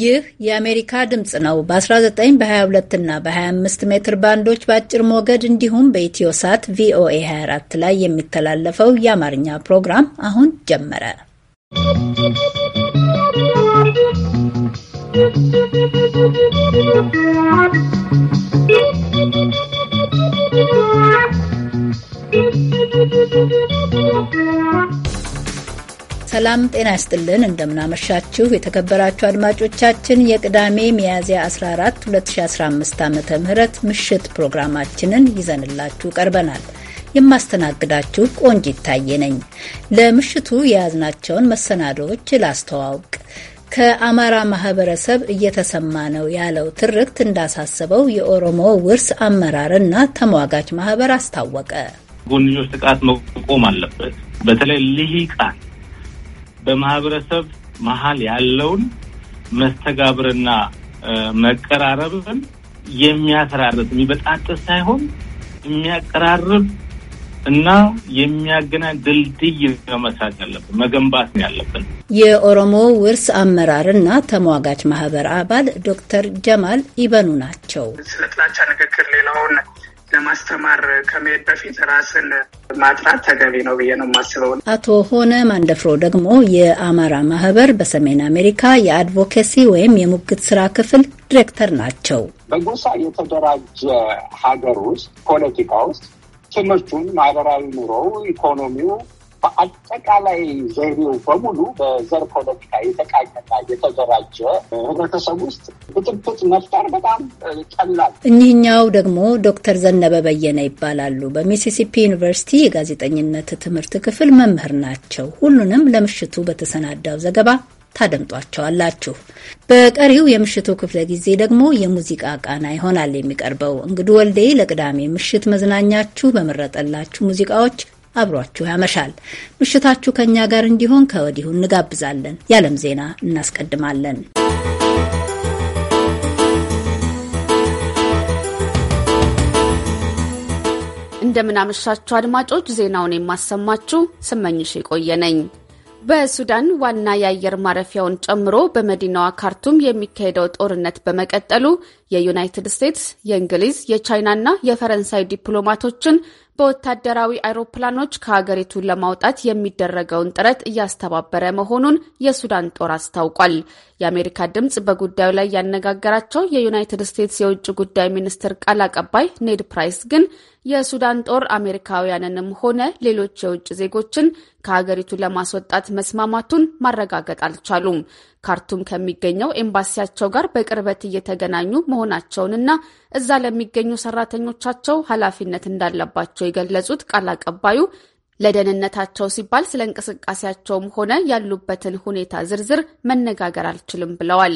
ይህ የአሜሪካ ድምፅ ነው። በ19 በ22 እና በ25 ሜትር ባንዶች በአጭር ሞገድ እንዲሁም በኢትዮ ሳት ቪኦኤ 24 ላይ የሚተላለፈው የአማርኛ ፕሮግራም አሁን ጀመረ። ¶¶ ሰላም ጤና ይስጥልን። እንደምናመሻችሁ የተከበራችሁ አድማጮቻችን የቅዳሜ ሚያዝያ 14 2015 ዓ ም ምሽት ፕሮግራማችንን ይዘንላችሁ ቀርበናል። የማስተናግዳችሁ ቆንጅ ይታየ ነኝ። ለምሽቱ የያዝናቸውን መሰናዶዎች ላስተዋውቅ። ከአማራ ማህበረሰብ እየተሰማ ነው ያለው ትርክት እንዳሳሰበው የኦሮሞ ውርስ አመራርና ተሟጋች ማህበር አስታወቀ። ጎንጆች ጥቃት መቆም አለበት። በተለይ ልሂቃን በማህበረሰብ መሀል ያለውን መስተጋብርና መቀራረብን የሚያተራርጥ የሚበጣጥስ ሳይሆን የሚያቀራርብ እና የሚያገናኝ ድልድይ መስራት ያለብን መገንባት ነው ያለብን። የኦሮሞ ውርስ አመራርና ተሟጋች ማህበር አባል ዶክተር ጀማል ይበኑ ናቸው። ስለ ጥላቻ ንግግር ሌላውን ለማስተማር ከመሄድ በፊት ራስን ማጥራት ተገቢ ነው ብዬ ነው የማስበው። አቶ ሆነ ማንደፍሮ ደግሞ የአማራ ማህበር በሰሜን አሜሪካ የአድቮኬሲ ወይም የሙግት ስራ ክፍል ዲሬክተር ናቸው። በጎሳ የተደራጀ ሀገር ውስጥ ፖለቲካ ውስጥ ትምህርቱን፣ ማህበራዊ ኑሮው፣ ኢኮኖሚው በአጠቃላይ ዘይቤው በሙሉ በዘር ፖለቲካ የተቃኘና የተደራጀ ህብረተሰብ ውስጥ ብጥብጥ መፍጠር በጣም ቀላል። እኚህኛው ደግሞ ዶክተር ዘነበ በየነ ይባላሉ። በሚሲሲፒ ዩኒቨርሲቲ የጋዜጠኝነት ትምህርት ክፍል መምህር ናቸው። ሁሉንም ለምሽቱ በተሰናዳው ዘገባ ታደምጧቸዋላችሁ። በቀሪው የምሽቱ ክፍለ ጊዜ ደግሞ የሙዚቃ ቃና ይሆናል የሚቀርበው። እንግዱ ወልዴ ለቅዳሜ ምሽት መዝናኛችሁ በመረጠላችሁ ሙዚቃዎች አብሯችሁ ያመሻል። ምሽታችሁ ከእኛ ጋር እንዲሆን ከወዲሁ እንጋብዛለን። የዓለም ዜና እናስቀድማለን። እንደምናመሻችሁ አድማጮች፣ ዜናውን የማሰማችሁ ስመኝሽ የቆየ ነኝ። በሱዳን ዋና የአየር ማረፊያውን ጨምሮ በመዲናዋ ካርቱም የሚካሄደው ጦርነት በመቀጠሉ የዩናይትድ ስቴትስ፣ የእንግሊዝ፣ የቻይናና የፈረንሳይ ዲፕሎማቶችን በወታደራዊ አይሮፕላኖች ከሀገሪቱን ለማውጣት የሚደረገውን ጥረት እያስተባበረ መሆኑን የሱዳን ጦር አስታውቋል። የአሜሪካ ድምጽ በጉዳዩ ላይ ያነጋገራቸው የዩናይትድ ስቴትስ የውጭ ጉዳይ ሚኒስትር ቃል አቀባይ ኔድ ፕራይስ ግን የሱዳን ጦር አሜሪካውያንንም ሆነ ሌሎች የውጭ ዜጎችን ከሀገሪቱ ለማስወጣት መስማማቱን ማረጋገጥ አልቻሉም። ካርቱም ከሚገኘው ኤምባሲያቸው ጋር በቅርበት እየተገናኙ መሆናቸውንና እዛ ለሚገኙ ሰራተኞቻቸው ኃላፊነት እንዳለባቸው የገለጹት ቃል አቀባዩ ለደህንነታቸው ሲባል ስለ እንቅስቃሴያቸውም ሆነ ያሉበትን ሁኔታ ዝርዝር መነጋገር አልችልም ብለዋል።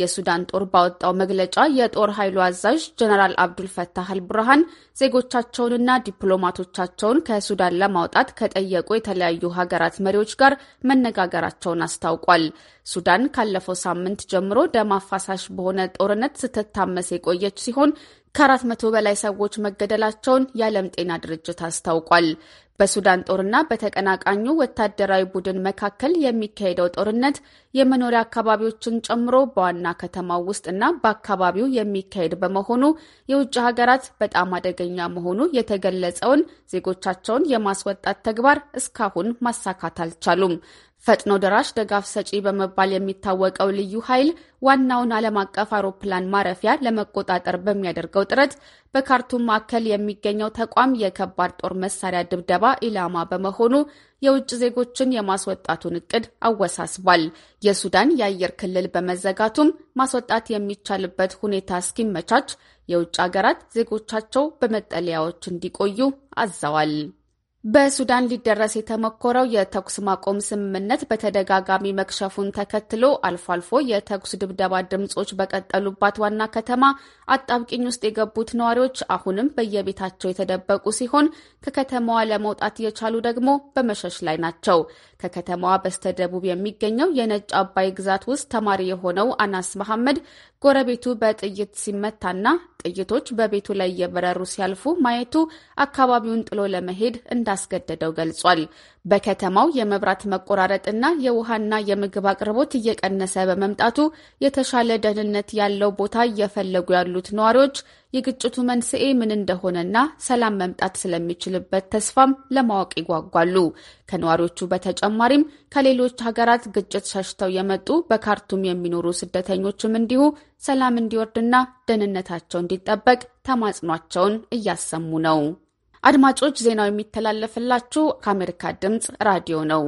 የሱዳን ጦር ባወጣው መግለጫ የጦር ኃይሉ አዛዥ ጀነራል አብዱል ፈታህ አልቡርሃን ዜጎቻቸውንና ዲፕሎማቶቻቸውን ከሱዳን ለማውጣት ከጠየቁ የተለያዩ ሀገራት መሪዎች ጋር መነጋገራቸውን አስታውቋል። ሱዳን ካለፈው ሳምንት ጀምሮ ደም አፋሳሽ በሆነ ጦርነት ስትታመስ የቆየች ሲሆን ከአራት መቶ በላይ ሰዎች መገደላቸውን የዓለም ጤና ድርጅት አስታውቋል። በሱዳን ጦርና በተቀናቃኙ ወታደራዊ ቡድን መካከል የሚካሄደው ጦርነት የመኖሪያ አካባቢዎችን ጨምሮ በዋና ከተማው ውስጥ እና በአካባቢው የሚካሄድ በመሆኑ የውጭ ሀገራት በጣም አደገኛ መሆኑ የተገለጸውን ዜጎቻቸውን የማስወጣት ተግባር እስካሁን ማሳካት አልቻሉም። ፈጥኖ ደራሽ ደጋፍ ሰጪ በመባል የሚታወቀው ልዩ ኃይል ዋናውን ዓለም አቀፍ አውሮፕላን ማረፊያ ለመቆጣጠር በሚያደርገው ጥረት በካርቱም ማዕከል የሚገኘው ተቋም የከባድ ጦር መሳሪያ ድብደባ ኢላማ በመሆኑ የውጭ ዜጎችን የማስወጣቱን እቅድ አወሳስቧል። የሱዳን የአየር ክልል በመዘጋቱም ማስወጣት የሚቻልበት ሁኔታ እስኪመቻች የውጭ ሀገራት ዜጎቻቸው በመጠለያዎች እንዲቆዩ አዘዋል። በሱዳን ሊደረስ የተሞከረው የተኩስ ማቆም ስምምነት በተደጋጋሚ መክሸፉን ተከትሎ አልፎ አልፎ የተኩስ ድብደባ ድምጾች በቀጠሉባት ዋና ከተማ አጣብቂኝ ውስጥ የገቡት ነዋሪዎች አሁንም በየቤታቸው የተደበቁ ሲሆን ከከተማዋ ለመውጣት የቻሉ ደግሞ በመሸሽ ላይ ናቸው። ከከተማዋ በስተደቡብ የሚገኘው የነጭ አባይ ግዛት ውስጥ ተማሪ የሆነው አናስ መሐመድ ጎረቤቱ በጥይት ሲመታና ጥይቶች በቤቱ ላይ እየበረሩ ሲያልፉ ማየቱ አካባቢውን ጥሎ ለመሄድ እንዳስገደደው ገልጿል። በከተማው የመብራት መቆራረጥና የውሃና የምግብ አቅርቦት እየቀነሰ በመምጣቱ የተሻለ ደህንነት ያለው ቦታ እየፈለጉ ያሉት ነዋሪዎች የግጭቱ መንስኤ ምን እንደሆነና ሰላም መምጣት ስለሚችልበት ተስፋም ለማወቅ ይጓጓሉ። ከነዋሪዎቹ በተጨማሪም ከሌሎች ሀገራት ግጭት ሸሽተው የመጡ በካርቱም የሚኖሩ ስደተኞችም እንዲሁ ሰላም እንዲወርድና ደህንነታቸው እንዲጠበቅ ተማጽኗቸውን እያሰሙ ነው። አድማጮች፣ ዜናው የሚተላለፍላችሁ ከአሜሪካ ድምፅ ራዲዮ ነው።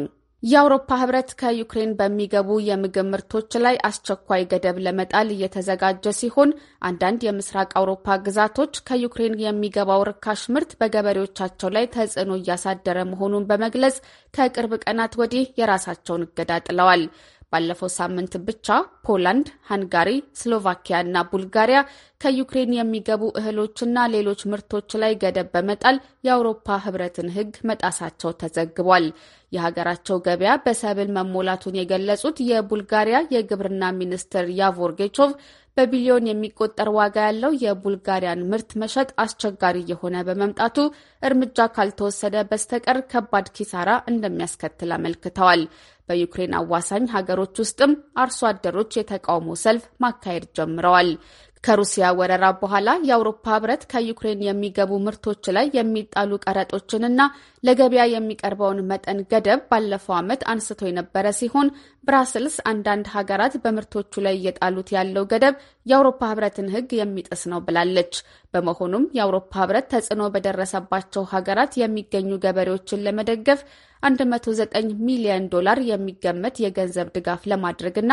የአውሮፓ ህብረት ከዩክሬን በሚገቡ የምግብ ምርቶች ላይ አስቸኳይ ገደብ ለመጣል እየተዘጋጀ ሲሆን አንዳንድ የምስራቅ አውሮፓ ግዛቶች ከዩክሬን የሚገባው ርካሽ ምርት በገበሬዎቻቸው ላይ ተጽዕኖ እያሳደረ መሆኑን በመግለጽ ከቅርብ ቀናት ወዲህ የራሳቸውን እገዳ ጥለዋል። ባለፈው ሳምንት ብቻ ፖላንድ፣ ሃንጋሪ፣ ስሎቫኪያ እና ቡልጋሪያ ከዩክሬን የሚገቡ እህሎችና ሌሎች ምርቶች ላይ ገደብ በመጣል የአውሮፓ ሕብረትን ሕግ መጣሳቸው ተዘግቧል። የሀገራቸው ገበያ በሰብል መሞላቱን የገለጹት የቡልጋሪያ የግብርና ሚኒስትር ያቮር ጌቾቭ በቢሊዮን የሚቆጠር ዋጋ ያለው የቡልጋሪያን ምርት መሸጥ አስቸጋሪ እየሆነ በመምጣቱ እርምጃ ካልተወሰደ በስተቀር ከባድ ኪሳራ እንደሚያስከትል አመልክተዋል። በዩክሬን አዋሳኝ ሀገሮች ውስጥም አርሶ አደሮች የተቃውሞ ሰልፍ ማካሄድ ጀምረዋል። ከሩሲያ ወረራ በኋላ የአውሮፓ ህብረት ከዩክሬን የሚገቡ ምርቶች ላይ የሚጣሉ ቀረጦችንና ለገበያ የሚቀርበውን መጠን ገደብ ባለፈው ዓመት አንስቶ የነበረ ሲሆን ብራስልስ አንዳንድ ሀገራት በምርቶቹ ላይ እየጣሉት ያለው ገደብ የአውሮፓ ህብረትን ህግ የሚጥስ ነው ብላለች። በመሆኑም የአውሮፓ ህብረት ተጽዕኖ በደረሰባቸው ሀገራት የሚገኙ ገበሬዎችን ለመደገፍ 109 ሚሊዮን ዶላር የሚገመት የገንዘብ ድጋፍ ለማድረግና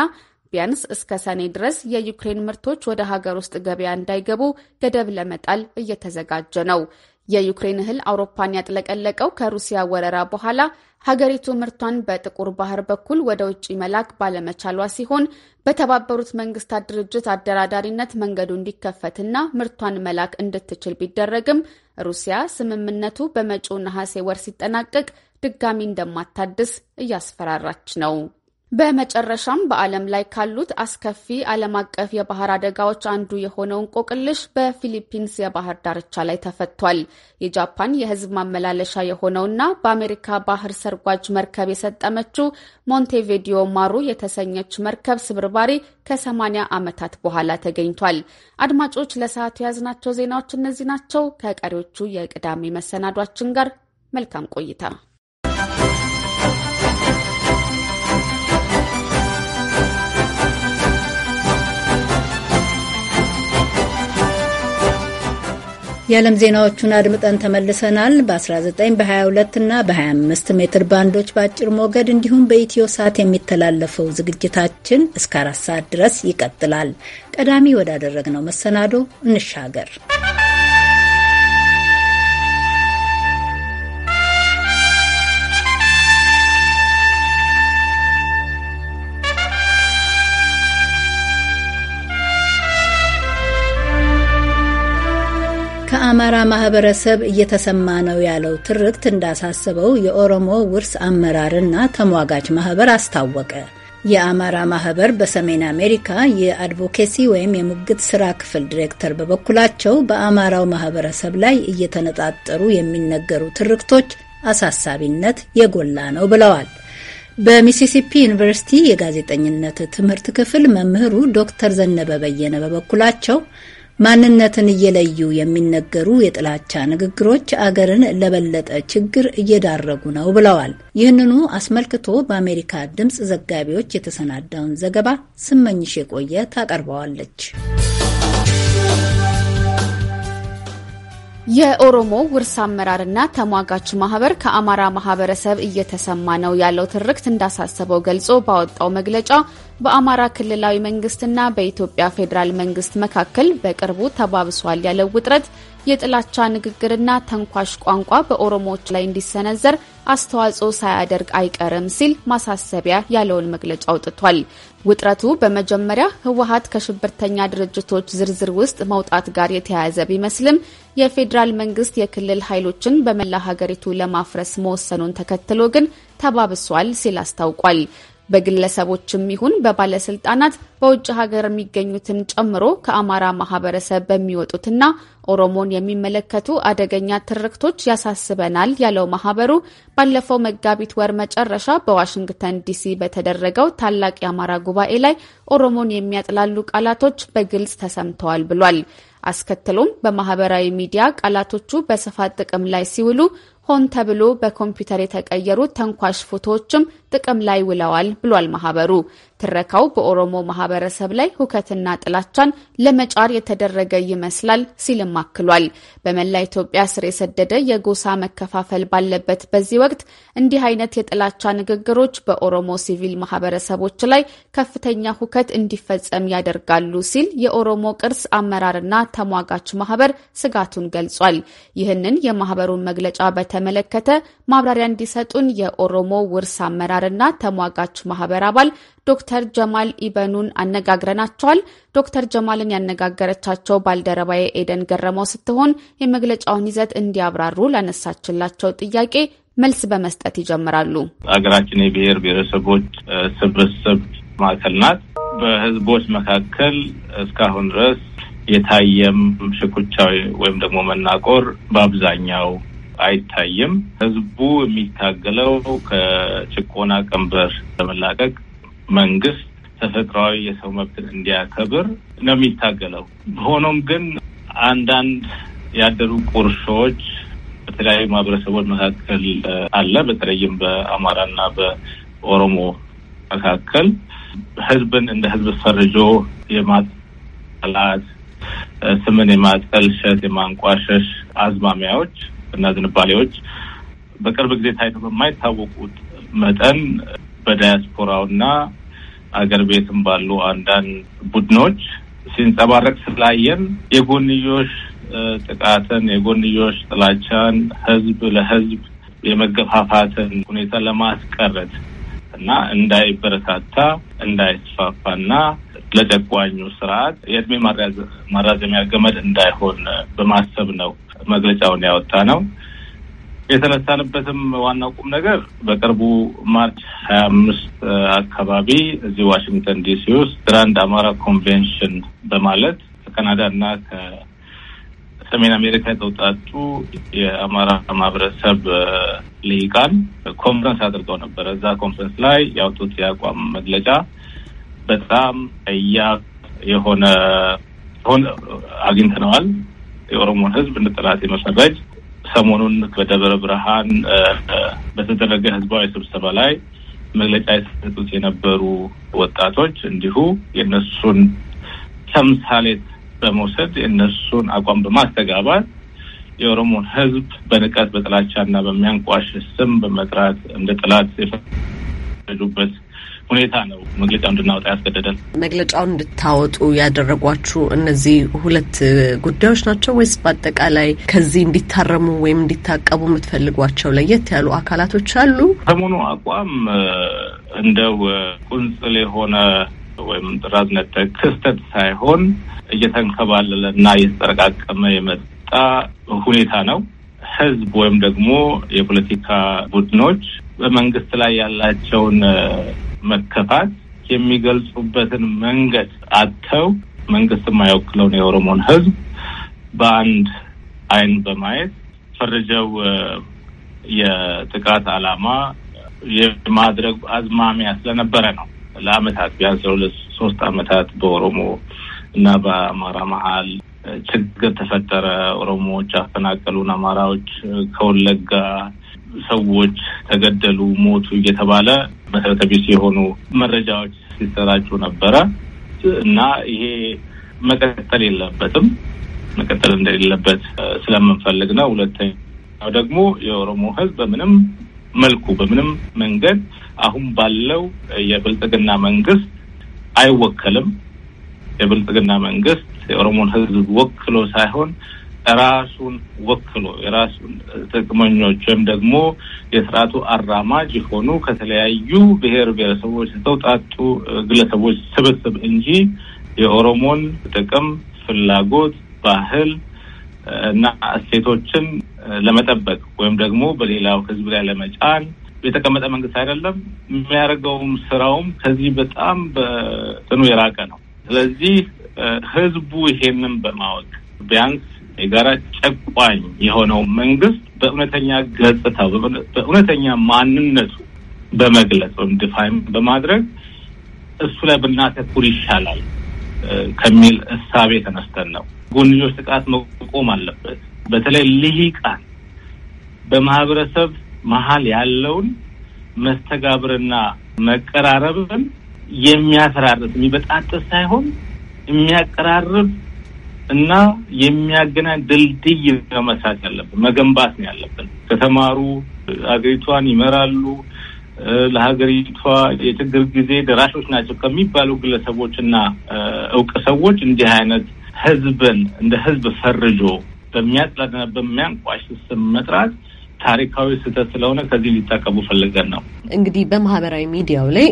ቢያንስ እስከ ሰኔ ድረስ የዩክሬን ምርቶች ወደ ሀገር ውስጥ ገበያ እንዳይገቡ ገደብ ለመጣል እየተዘጋጀ ነው። የዩክሬን እህል አውሮፓን ያጥለቀለቀው ከሩሲያ ወረራ በኋላ ሀገሪቱ ምርቷን በጥቁር ባህር በኩል ወደ ውጭ መላክ ባለመቻሏ ሲሆን በተባበሩት መንግስታት ድርጅት አደራዳሪነት መንገዱ እንዲከፈትና ምርቷን መላክ እንድትችል ቢደረግም ሩሲያ ስምምነቱ በመጪው ነሐሴ ወር ሲጠናቀቅ ድጋሚ እንደማታድስ እያስፈራራች ነው። በመጨረሻም በዓለም ላይ ካሉት አስከፊ ዓለም አቀፍ የባህር አደጋዎች አንዱ የሆነው እንቆቅልሽ በፊሊፒንስ የባህር ዳርቻ ላይ ተፈቷል። የጃፓን የሕዝብ ማመላለሻ የሆነውና በአሜሪካ ባህር ሰርጓጅ መርከብ የሰጠመችው ሞንቴቪዲዮ ማሩ የተሰኘች መርከብ ስብርባሪ ከሰማንያ ዓመታት በኋላ ተገኝቷል። አድማጮች ለሰዓቱ የያዝናቸው ዜናዎች እነዚህ ናቸው። ከቀሪዎቹ የቅዳሜ መሰናዷችን ጋር መልካም ቆይታ የዓለም ዜናዎቹን አድምጠን ተመልሰናል። በ19 በ22 እና በ25 ሜትር ባንዶች በአጭር ሞገድ እንዲሁም በኢትዮ ሳት የሚተላለፈው ዝግጅታችን እስከ አራት ሰዓት ድረስ ይቀጥላል። ቀዳሚ ወዳደረግነው መሰናዶ እንሻገር። ከአማራ ማህበረሰብ እየተሰማ ነው ያለው ትርክት እንዳሳሰበው የኦሮሞ ውርስ አመራርና ተሟጋች ማህበር አስታወቀ። የአማራ ማህበር በሰሜን አሜሪካ የአድቮኬሲ ወይም የሙግት ስራ ክፍል ዲሬክተር በበኩላቸው በአማራው ማህበረሰብ ላይ እየተነጣጠሩ የሚነገሩ ትርክቶች አሳሳቢነት የጎላ ነው ብለዋል። በሚሲሲፒ ዩኒቨርሲቲ የጋዜጠኝነት ትምህርት ክፍል መምህሩ ዶክተር ዘነበ በየነ በበኩላቸው ማንነትን እየለዩ የሚነገሩ የጥላቻ ንግግሮች አገርን ለበለጠ ችግር እየዳረጉ ነው ብለዋል። ይህንኑ አስመልክቶ በአሜሪካ ድምፅ ዘጋቢዎች የተሰናዳውን ዘገባ ስመኝሽ የቆየ ታቀርበዋለች። የኦሮሞ ውርስ አመራርና ተሟጋች ማህበር ከአማራ ማህበረሰብ እየተሰማ ነው ያለው ትርክት እንዳሳሰበው ገልጾ ባወጣው መግለጫ በአማራ ክልላዊ መንግስትና በኢትዮጵያ ፌዴራል መንግስት መካከል በቅርቡ ተባብሷል ያለው ውጥረት የጥላቻ ንግግርና ተንኳሽ ቋንቋ በኦሮሞዎች ላይ እንዲሰነዘር አስተዋጽኦ ሳያደርግ አይቀርም ሲል ማሳሰቢያ ያለውን መግለጫ አውጥቷል። ውጥረቱ በመጀመሪያ ህወሀት ከሽብርተኛ ድርጅቶች ዝርዝር ውስጥ መውጣት ጋር የተያያዘ ቢመስልም የፌዴራል መንግስት የክልል ኃይሎችን በመላ ሀገሪቱ ለማፍረስ መወሰኑን ተከትሎ ግን ተባብሷል ሲል አስታውቋል። በግለሰቦችም ይሁን በባለስልጣናት በውጭ ሀገር የሚገኙትን ጨምሮ ከአማራ ማህበረሰብ በሚወጡትና ኦሮሞን የሚመለከቱ አደገኛ ትርክቶች ያሳስበናል ያለው ማህበሩ ባለፈው መጋቢት ወር መጨረሻ በዋሽንግተን ዲሲ በተደረገው ታላቅ የአማራ ጉባኤ ላይ ኦሮሞን የሚያጥላሉ ቃላቶች በግልጽ ተሰምተዋል ብሏል። አስከትሎም በማህበራዊ ሚዲያ ቃላቶቹ በስፋት ጥቅም ላይ ሲውሉ ሆን ተብሎ በኮምፒውተር የተቀየሩ ተንኳሽ ፎቶዎችም ጥቅም ላይ ውለዋል ብሏል ማህበሩ። ትረካው በኦሮሞ ማህበረሰብ ላይ ሁከትና ጥላቻን ለመጫር የተደረገ ይመስላል ሲልም አክሏል። በመላ ኢትዮጵያ ስር የሰደደ የጎሳ መከፋፈል ባለበት በዚህ ወቅት እንዲህ አይነት የጥላቻ ንግግሮች በኦሮሞ ሲቪል ማህበረሰቦች ላይ ከፍተኛ ሁከት እንዲፈጸም ያደርጋሉ ሲል የኦሮሞ ቅርስ አመራርና ተሟጋች ማህበር ስጋቱን ገልጿል። ይህንን የማህበሩን መግለጫ በተመለከተ ማብራሪያ እንዲሰጡን የኦሮሞ ውርስ አመራርና ተሟጋች ማህበር አባል ዶክተር ጀማል ኢበኑን አነጋግረናቸዋል። ዶክተር ጀማልን ያነጋገረቻቸው ባልደረባዬ ኤደን ገረመው ስትሆን የመግለጫውን ይዘት እንዲያብራሩ ላነሳችላቸው ጥያቄ መልስ በመስጠት ይጀምራሉ። ሀገራችን የብሔር ብሔረሰቦች ስብስብ ማዕከል ናት። በህዝቦች መካከል እስካሁን ድረስ የታየም ሽኩቻ ወይም ደግሞ መናቆር በአብዛኛው አይታይም። ህዝቡ የሚታገለው ከጭቆና ቀንበር ለመላቀቅ መንግስት ተፈጥሯዊ የሰው መብትን እንዲያከብር ነው የሚታገለው። ሆኖም ግን አንዳንድ ያደሩ ቁርሾች በተለያዩ ማህበረሰቦች መካከል አለ። በተለይም በአማራና በኦሮሞ መካከል ህዝብን እንደ ህዝብ ፈርጆ የማጠላት ስምን የማጠልሸት፣ የማንቋሸሽ አዝማሚያዎች እና ዝንባሌዎች በቅርብ ጊዜ ታይቶ በማይታወቁት መጠን በዳያስፖራውና አገር ቤትም ባሉ አንዳንድ ቡድኖች ሲንጸባረቅ ስላየን የጎንዮሽ ጥቃትን፣ የጎንዮሽ ጥላቻን፣ ህዝብ ለህዝብ የመገፋፋትን ሁኔታ ለማስቀረት እና እንዳይበረታታ እንዳይስፋፋና ለጨቋኙ ስርዓት የእድሜ ማራዘሚያ ገመድ እንዳይሆን በማሰብ ነው መግለጫውን ያወጣ ነው። የተነሳንበትም ዋናው ቁም ነገር በቅርቡ ማርች ሀያ አምስት አካባቢ እዚህ ዋሽንግተን ዲሲ ውስጥ ግራንድ አማራ ኮንቬንሽን በማለት ከካናዳ እና ከሰሜን አሜሪካ የተውጣጡ የአማራ ማህበረሰብ ልሂቃን ኮንፈረንስ አድርገው ነበር። እዛ ኮንፈረንስ ላይ ያወጡት የአቋም መግለጫ በጣም እያ የሆነ ሆን አግኝተነዋል የኦሮሞን ህዝብ እንደ ጠላት የመፈረጅ ሰሞኑን በደብረ ብርሃን በተደረገ ህዝባዊ ስብሰባ ላይ መግለጫ የሰጡት የነበሩ ወጣቶች እንዲሁ የእነሱን ተምሳሌት በመውሰድ የእነሱን አቋም በማስተጋባት የኦሮሞን ህዝብ በንቀት በጥላቻ እና በሚያንቋሽ ስም በመጥራት እንደ ጥላት የፈረጁበት ሁኔታ ነው መግለጫው እንድናወጣ ያስገደደል። መግለጫውን እንድታወጡ ያደረጓችሁ እነዚህ ሁለት ጉዳዮች ናቸው ወይስ በአጠቃላይ ከዚህ እንዲታረሙ ወይም እንዲታቀቡ የምትፈልጓቸው ለየት ያሉ አካላቶች አሉ? ሰሞኑ አቋም እንደው ቁንጽል የሆነ ወይም ጥራዝ ነጠቅ ክስተት ሳይሆን እየተንከባለለ እና እየተጠረቃቀመ የመጣ ሁኔታ ነው። ህዝብ ወይም ደግሞ የፖለቲካ ቡድኖች በመንግስት ላይ ያላቸውን መከፋት የሚገልጹበትን መንገድ አጥተው መንግስት የማይወክለውን የኦሮሞን ህዝብ በአንድ አይን በማየት ፈርጀው የጥቃት አላማ የማድረግ አዝማሚያ ስለነበረ ነው። ለአመታት ቢያንስ ለሁለት ሶስት አመታት በኦሮሞ እና በአማራ መሀል ችግር ተፈጠረ። ኦሮሞዎች አፈናቀሉን፣ አማራዎች ከወለጋ ሰዎች ተገደሉ፣ ሞቱ እየተባለ መሰረተ ቢስ የሆኑ መረጃዎች ሲሰራጩ ነበረ እና ይሄ መቀጠል የለበትም መቀጠል እንደሌለበት ስለምንፈልግ ነው። ሁለተኛው ደግሞ የኦሮሞ ህዝብ በምንም መልኩ በምንም መንገድ አሁን ባለው የብልጽግና መንግስት አይወከልም። የብልጽግና መንግስት የኦሮሞን ህዝብ ወክሎ ሳይሆን ራሱን ወክሎ የራሱን ጥቅመኞች ወይም ደግሞ የስርዓቱ አራማጅ የሆኑ ከተለያዩ ብሔር ብሔረሰቦች የተውጣጡ ግለሰቦች ስብስብ እንጂ የኦሮሞን ጥቅም፣ ፍላጎት፣ ባህል እና እሴቶችን ለመጠበቅ ወይም ደግሞ በሌላው ህዝብ ላይ ለመጫን የተቀመጠ መንግስት አይደለም። የሚያደርገውም ስራውም ከዚህ በጣም በጽኑ የራቀ ነው። ስለዚህ ህዝቡ ይሄንን በማወቅ ቢያንስ የጋራ ጨቋኝ የሆነው መንግስት በእውነተኛ ገጽታው በእውነተኛ ማንነቱ በመግለጽ ወይም ድፋይም በማድረግ እሱ ላይ ብናተኩር ይሻላል ከሚል እሳቤ ተነስተን ነው። ጎንዮሽ ጥቃት መቆም አለበት። በተለይ ልሂቃን በማህበረሰብ መሀል ያለውን መስተጋብርና መቀራረብን የሚያፈራርስ የሚበጣጥስ ሳይሆን የሚያቀራርብ እና የሚያገናኝ ድልድይ መመሳት ያለብን መገንባት ነው ያለብን። ከተማሩ ሀገሪቷን ይመራሉ። ለሀገሪቷ የችግር ጊዜ ደራሾች ናቸው ከሚባሉ ግለሰቦች እና እውቅ ሰዎች እንዲህ አይነት ህዝብን እንደ ህዝብ ፈርጆ በሚያጥላትና በሚያንቋሽ ስም መጥራት ታሪካዊ ስህተት ስለሆነ ከዚህ ሊታቀቡ ፈልገን ነው። እንግዲህ በማህበራዊ ሚዲያው ላይ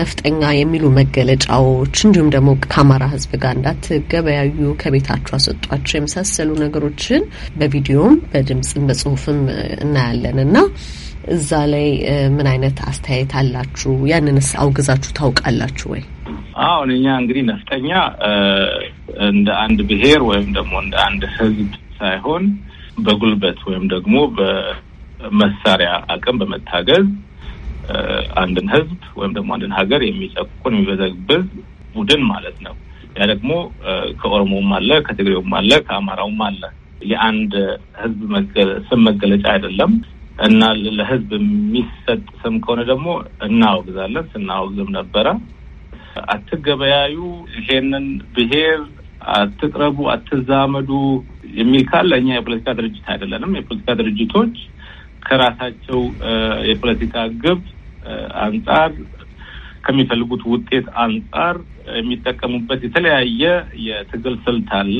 ነፍጠኛ የሚሉ መገለጫዎች እንዲሁም ደግሞ ከአማራ ሕዝብ ጋር እንዳትገበያዩ ከቤታችሁ አሰጧቸው የመሳሰሉ ነገሮችን በቪዲዮም በድምፅም በጽሁፍም እናያለን እና እዛ ላይ ምን አይነት አስተያየት አላችሁ? ያንንስ አውግዛችሁ ታውቃላችሁ ወይ? አሁን እኛ እንግዲህ ነፍጠኛ እንደ አንድ ብሔር ወይም ደግሞ እንደ አንድ ህዝብ ሳይሆን በጉልበት ወይም ደግሞ መሳሪያ አቅም በመታገዝ አንድን ህዝብ ወይም ደግሞ አንድን ሀገር የሚጨቁን የሚበዘብዝ ቡድን ማለት ነው። ያ ደግሞ ከኦሮሞውም አለ፣ ከትግሬውም አለ፣ ከአማራውም አለ። የአንድ ህዝብ ስም መገለጫ አይደለም እና ለህዝብ የሚሰጥ ስም ከሆነ ደግሞ እናወግዛለን። ስናወግዝም ነበረ። አትገበያዩ፣ ይሄንን ብሄር አትቅረቡ፣ አትዛመዱ የሚል ካለ እኛ የፖለቲካ ድርጅት አይደለንም። የፖለቲካ ድርጅቶች ከራሳቸው የፖለቲካ ግብ አንጻር ከሚፈልጉት ውጤት አንጻር የሚጠቀሙበት የተለያየ የትግል ስልት አለ።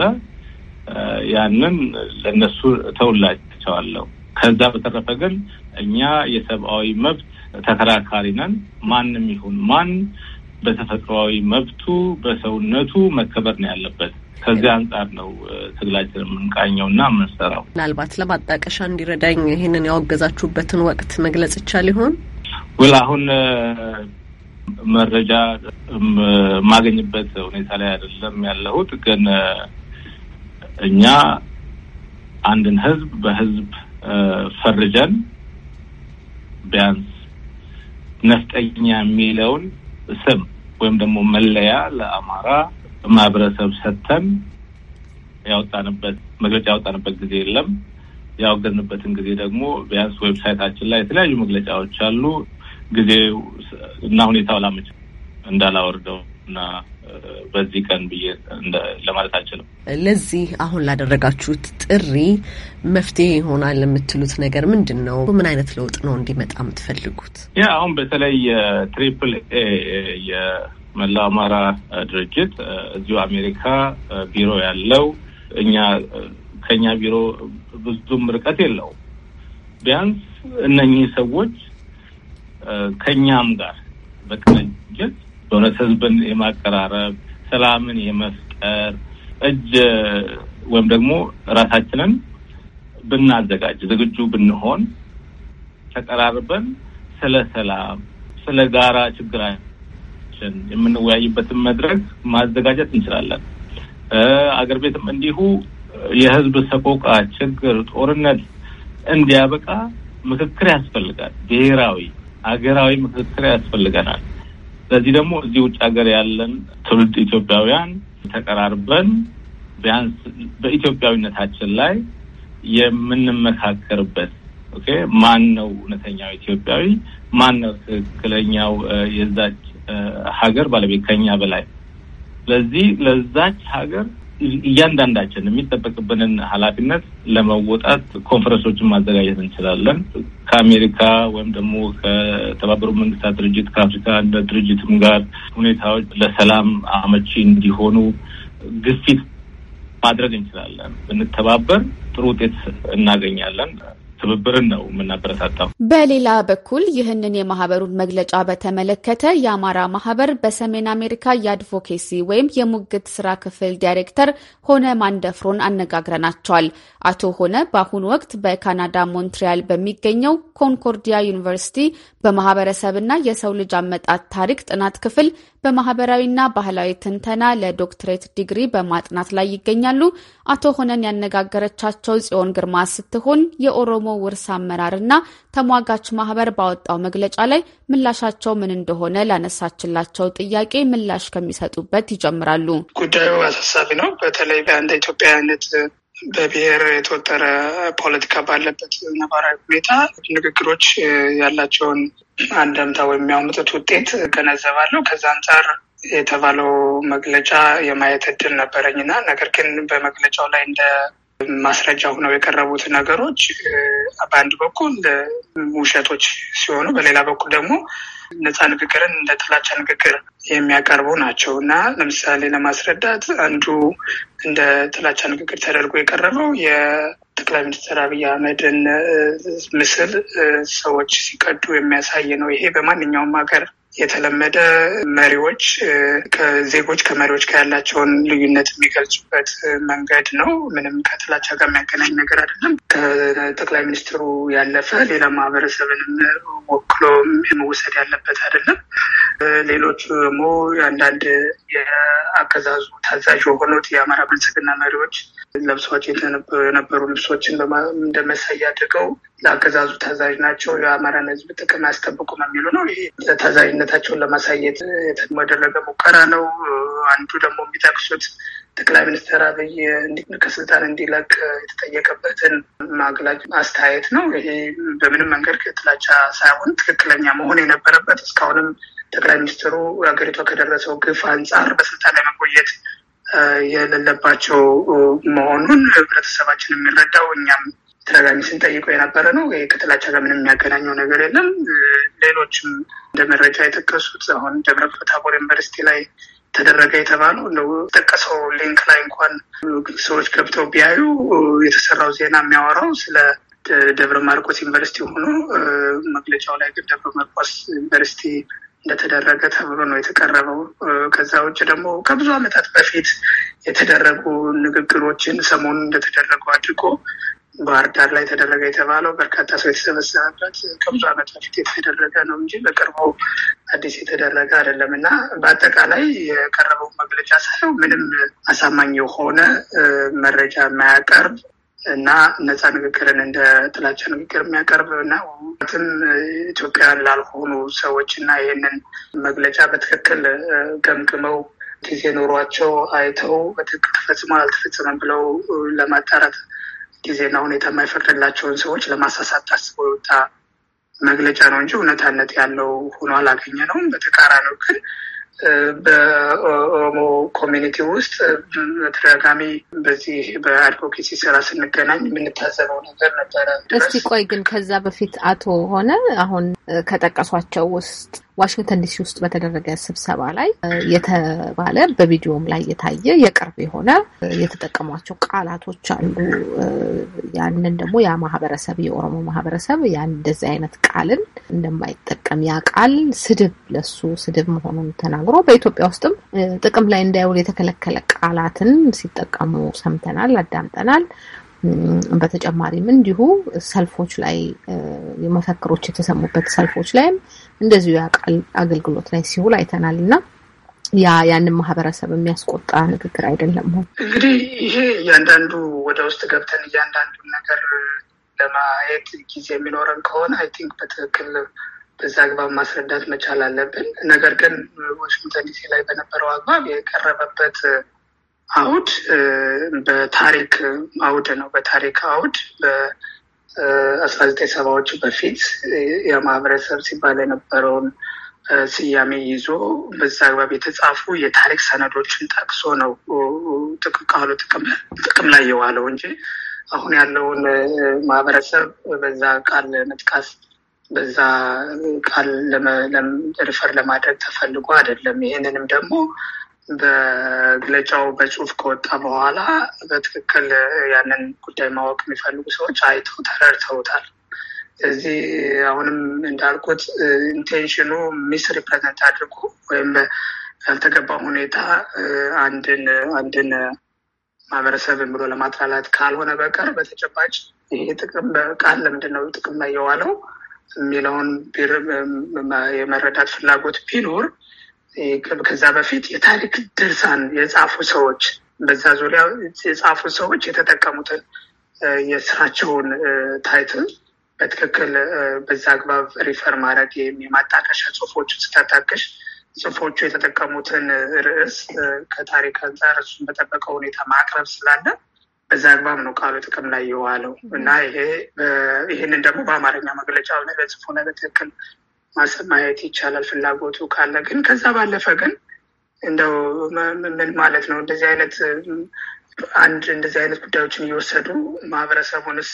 ያንን ለነሱ ተውላቸዋለሁ። ከዛ በተረፈ ግን እኛ የሰብአዊ መብት ተከራካሪ ነን። ማንም ይሁን ማን በተፈጥሯዊ መብቱ በሰውነቱ መከበር ነው ያለበት። ከዚህ አንጻር ነው ትግላችን የምንቃኘው እና የምንሰራው። ምናልባት ለማጣቀሻ እንዲረዳኝ ይህንን ያወገዛችሁበትን ወቅት መግለጽ ይቻል ይሆን? ውል አሁን መረጃ የማገኝበት ሁኔታ ላይ አይደለም ያለሁት፣ ግን እኛ አንድን ህዝብ በህዝብ ፈርጀን ቢያንስ ነፍጠኛ የሚለውን ስም ወይም ደግሞ መለያ ለአማራ ማህበረሰብ ሰጥተን ያወጣንበት መግለጫ ያወጣንበት ጊዜ የለም። ያወገዝንበትን ጊዜ ደግሞ ቢያንስ ዌብሳይታችን ላይ የተለያዩ መግለጫዎች አሉ። ጊዜው እና ሁኔታው ላመች እንዳላወርደው እና በዚህ ቀን ብዬ ለማለት አልችልም። ለዚህ አሁን ላደረጋችሁት ጥሪ መፍትሄ ይሆናል የምትሉት ነገር ምንድን ነው? ምን አይነት ለውጥ ነው እንዲመጣ የምትፈልጉት? ያ አሁን በተለይ የትሪፕል ኤ መላው አማራ ድርጅት እዚሁ አሜሪካ ቢሮ ያለው እኛ ከኛ ቢሮ ብዙም ርቀት የለው ቢያንስ እነኚህ ሰዎች ከኛም ጋር በቅንጅት በእውነት ህዝብን የማቀራረብ ሰላምን የመፍጠር እጅ ወይም ደግሞ ራሳችንን ብናዘጋጅ ዝግጁ ብንሆን ተቀራርበን ስለ ሰላም ስለ ጋራ ችግራችን ሀሳቦችን የምንወያይበትን መድረክ ማዘጋጀት እንችላለን። አገር ቤትም እንዲሁ የህዝብ ሰቆቃ፣ ችግር፣ ጦርነት እንዲያበቃ ምክክር ያስፈልጋል። ብሔራዊ አገራዊ ምክክር ያስፈልገናል። ስለዚህ ደግሞ እዚህ ውጭ ሀገር ያለን ትውልድ ኢትዮጵያውያን ተቀራርበን ቢያንስ በኢትዮጵያዊነታችን ላይ የምንመካከርበት ኦኬ፣ ማን ነው እውነተኛው ኢትዮጵያዊ? ማን ነው ትክክለኛው የዛች ሀገር ባለቤት ከኛ በላይ ስለዚህ ለዛች ሀገር እያንዳንዳችን የሚጠበቅብንን ኃላፊነት ለመወጣት ኮንፈረንሶችን ማዘጋጀት እንችላለን። ከአሜሪካ ወይም ደግሞ ከተባበሩት መንግስታት ድርጅት ከአፍሪካ እንደ ድርጅትም ጋር ሁኔታዎች ለሰላም አመቺ እንዲሆኑ ግፊት ማድረግ እንችላለን። ብንተባበር ጥሩ ውጤት እናገኛለን። ትብብርን ነው የምናበረታታው። በሌላ በኩል ይህንን የማህበሩን መግለጫ በተመለከተ የአማራ ማህበር በሰሜን አሜሪካ የአድቮኬሲ ወይም የሙግት ስራ ክፍል ዳይሬክተር ሆነ ማንደፍሮን አነጋግረናቸዋል። አቶ ሆነ በአሁኑ ወቅት በካናዳ ሞንትሪያል በሚገኘው ኮንኮርዲያ ዩኒቨርሲቲ በማህበረሰብና የሰው ልጅ አመጣት ታሪክ ጥናት ክፍል በማህበራዊና ባህላዊ ትንተና ለዶክትሬት ዲግሪ በማጥናት ላይ ይገኛሉ። አቶ ሆነን ያነጋገረቻቸው ጽዮን ግርማ ስትሆን የኦሮሞ ውርስ አመራርና ተሟጋች ማህበር ባወጣው መግለጫ ላይ ምላሻቸው ምን እንደሆነ ላነሳችላቸው ጥያቄ ምላሽ ከሚሰጡበት ይጀምራሉ። ጉዳዩ አሳሳቢ ነው። በተለይ በአንድ ኢትዮጵያዊነት በብሔር የተወጠረ ፖለቲካ ባለበት ነባራዊ ሁኔታ ንግግሮች ያላቸውን አንደምታ ወይም የሚያመጡት ውጤት እገነዘባለሁ። ከዛ አንጻር የተባለው መግለጫ የማየት እድል ነበረኝና ነገር ግን በመግለጫው ላይ እንደ ማስረጃ ሆነው የቀረቡት ነገሮች በአንድ በኩል ውሸቶች ሲሆኑ፣ በሌላ በኩል ደግሞ ነፃ ንግግርን እንደ ጥላቻ ንግግር የሚያቀርቡ ናቸው እና ለምሳሌ ለማስረዳት አንዱ እንደ ጥላቻ ንግግር ተደርጎ የቀረበው የጠቅላይ ሚኒስትር አብይ አህመድን ምስል ሰዎች ሲቀዱ የሚያሳይ ነው። ይሄ በማንኛውም ሀገር የተለመደ መሪዎች ከዜጎች ከመሪዎች ጋር ያላቸውን ልዩነት የሚገልጹበት መንገድ ነው። ምንም ከጥላቻ ጋር የሚያገናኝ ነገር አይደለም። ከጠቅላይ ሚኒስትሩ ያለፈ ሌላ ማህበረሰብንም ወክሎ መውሰድ ያለበት አይደለም። ሌሎቹ ደግሞ አንዳንድ የአገዛዙ ታዛዥ የሆኑት የአማራ ብልጽግና መሪዎች ለብሷቸው የነበሩ ልብሶችን እንደመሳያ አድርገው ለአገዛዙ ታዛዥ ናቸው፣ የአማራን ሕዝብ ጥቅም አያስጠብቁም የሚሉ ነው። ይህ ታዛዥነታቸውን ለማሳየት የተደረገ ሙከራ ነው። አንዱ ደግሞ የሚጠቅሱት ጠቅላይ ሚኒስትር አብይ ከስልጣን እንዲለቅ የተጠየቀበትን ማግላጅ አስተያየት ነው። ይሄ በምንም መንገድ ጥላቻ ሳይሆን ትክክለኛ መሆን የነበረበት እስካሁንም ጠቅላይ ሚኒስትሩ ሀገሪቷ ከደረሰው ግፍ አንጻር በስልጣን ለመቆየት የሌለባቸው መሆኑን ህብረተሰባችን የሚረዳው እኛም ተደጋሚ ስንጠይቀው የነበረ ነው። ከጥላቻ ጋር ምንም የሚያገናኘው ነገር የለም። ሌሎችም እንደ መረጃ የጠቀሱት አሁን ደብረ ታቦር ዩኒቨርሲቲ ላይ ተደረገ የተባለው ጠቀሰው ሊንክ ላይ እንኳን ሰዎች ገብተው ቢያዩ የተሰራው ዜና የሚያወራው ስለ ደብረ ማርቆስ ዩኒቨርሲቲ ሆኖ መግለጫው ላይ ግን ደብረ ማርቆስ ዩኒቨርሲቲ እንደተደረገ ተብሎ ነው የተቀረበው። ከዛ ውጭ ደግሞ ከብዙ ዓመታት በፊት የተደረጉ ንግግሮችን ሰሞኑን እንደተደረጉ አድርጎ ባህር ዳር ላይ ተደረገ የተባለው በርካታ ሰው የተሰበሰበበት ከብዙ ዓመት በፊት የተደረገ ነው እንጂ በቅርቡ አዲስ የተደረገ አይደለም እና በአጠቃላይ የቀረበውን መግለጫ ሳየው ምንም አሳማኝ የሆነ መረጃ የማያቀርብ እና ነፃ ንግግርን እንደ ጥላቻ ንግግር የሚያቀርብ ነው። ትም ኢትዮጵያውያን ላልሆኑ ሰዎች እና ይህንን መግለጫ በትክክል ገምግመው ጊዜ ኖሯቸው አይተው በትክክል ተፈጽሟል አልተፈጸመም ብለው ለማጣራት ጊዜና ሁኔታ የማይፈቅድላቸውን ሰዎች ለማሳሳት ታስቦ የወጣ መግለጫ ነው እንጂ እውነታነት ያለው ሆኖ አላገኘ ነውም። በተቃራኒው ግን በኦሮሞ ኮሚኒቲ ውስጥ በተደጋጋሚ በዚህ በአድቮኬሲ ስራ ስንገናኝ የምንታዘበው ነገር ነበረ። እስቲ ቆይ ግን ከዛ በፊት አቶ ሆነ አሁን ከጠቀሷቸው ውስጥ ዋሽንግተን ዲሲ ውስጥ በተደረገ ስብሰባ ላይ የተባለ በቪዲዮም ላይ የታየ የቅርብ የሆነ የተጠቀሟቸው ቃላቶች አሉ። ያንን ደግሞ ያ ማህበረሰብ የኦሮሞ ማህበረሰብ ያን እንደዚህ አይነት ቃልን እንደማይጠቀም ያ ቃል ስድብ ለሱ ስድብ መሆኑን ተና ተናግሮ በኢትዮጵያ ውስጥም ጥቅም ላይ እንዳይውል የተከለከለ ቃላትን ሲጠቀሙ ሰምተናል፣ አዳምጠናል። በተጨማሪም እንዲሁ ሰልፎች ላይ መፈክሮች የተሰሙበት ሰልፎች ላይም እንደዚሁ ያቃል አገልግሎት ላይ ሲውል አይተናል እና ያ ያንን ማህበረሰብ የሚያስቆጣ ንግግር አይደለም። እንግዲህ ይሄ እያንዳንዱ ወደ ውስጥ ገብተን እያንዳንዱን ነገር ለማየት ጊዜ የሚኖረን ከሆነ አይ ቲንክ በትክክል በዛ አግባብ ማስረዳት መቻል አለብን። ነገር ግን ዋሽንግተን ዲሲ ላይ በነበረው አግባብ የቀረበበት አውድ በታሪክ አውድ ነው። በታሪክ አውድ በአስራ ዘጠኝ ሰባዎቹ በፊት የማህበረሰብ ሲባል የነበረውን ስያሜ ይዞ በዛ አግባብ የተጻፉ የታሪክ ሰነዶችን ጠቅሶ ነው ቃሉ ጥቅም ላይ የዋለው እንጂ አሁን ያለውን ማህበረሰብ በዛ ቃል መጥቃስ በዛ ቃል ሪፈር ለማድረግ ተፈልጎ አይደለም። ይህንንም ደግሞ በግለጫው በጽሁፍ ከወጣ በኋላ በትክክል ያንን ጉዳይ ማወቅ የሚፈልጉ ሰዎች አይተው ተረድተውታል። እዚህ አሁንም እንዳልኩት ኢንቴንሽኑ ሚስ ሪፕሬዘንት አድርጎ ወይም ያልተገባ ሁኔታ አንድን አንድን ማህበረሰብ ብሎ ለማጥላላት ካልሆነ በቀር በተጨባጭ ይሄ ጥቅም በቃል ለምንድን ነው ጥቅም ላይ የዋለው የሚለውን የመረዳት ፍላጎት ቢኖር ከዛ በፊት የታሪክ ድርሳን የጻፉ ሰዎች በዛ ዙሪያ የጻፉ ሰዎች የተጠቀሙትን የስራቸውን ታይትል በትክክል በዛ አግባብ ሪፈር ማድረግ የማጣቀሻ ጽሁፎቹ ስታጣቅሽ ጽሁፎቹ የተጠቀሙትን ርዕስ ከታሪክ አንጻር እሱን በጠበቀ ሁኔታ ማቅረብ ስላለ በዛ አግባብ ነው ቃሉ ጥቅም ላይ የዋለው እና ይሄ ይህንን ደግሞ በአማርኛ መግለጫ ሆነ በጽፎ ላይ በትክክል ማሰማየት ይቻላል ፍላጎቱ ካለ ግን ከዛ ባለፈ ግን እንደው ምን ማለት ነው እንደዚህ አይነት አንድ እንደዚህ አይነት ጉዳዮችን እየወሰዱ ማህበረሰቡንስ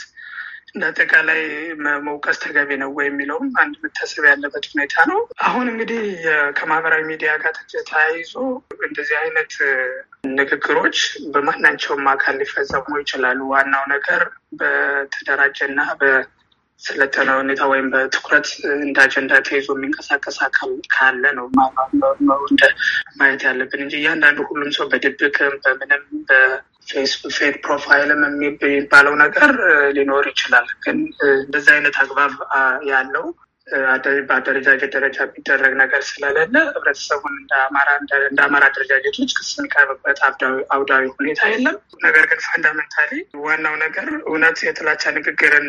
እንደ መውቀስ ተገቢ ነው ወይ የሚለውም አንድ መታሰብ ያለበት ሁኔታ ነው። አሁን እንግዲህ ከማህበራዊ ሚዲያ ጋር ተያይዞ እንደዚህ አይነት ንግግሮች በማናቸውም አካል ሊፈጸሙ ይችላሉ። ዋናው ነገር በተደራጀና በሰለጠነ ሁኔታ ወይም በትኩረት እንደ አጀንዳ ተይዞ የሚንቀሳቀስ አካል ካለ ነው ማየት ያለብን እንጂ እያንዳንዱ ሁሉም ሰው በድብቅም በምንም ፌክ ፕሮፋይልም የሚባለው ነገር ሊኖር ይችላል። ግን እንደዚህ አይነት አግባብ ያለው በአደረጃጀት ደረጃ የሚደረግ ነገር ስለሌለ ህብረተሰቡን እንደ አማራ አደረጃጀቶች ክስ የሚቀርብበት አውዳዊ ሁኔታ የለም። ነገር ግን ፋንዳሜንታሊ ዋናው ነገር እውነት የጥላቻ ንግግርን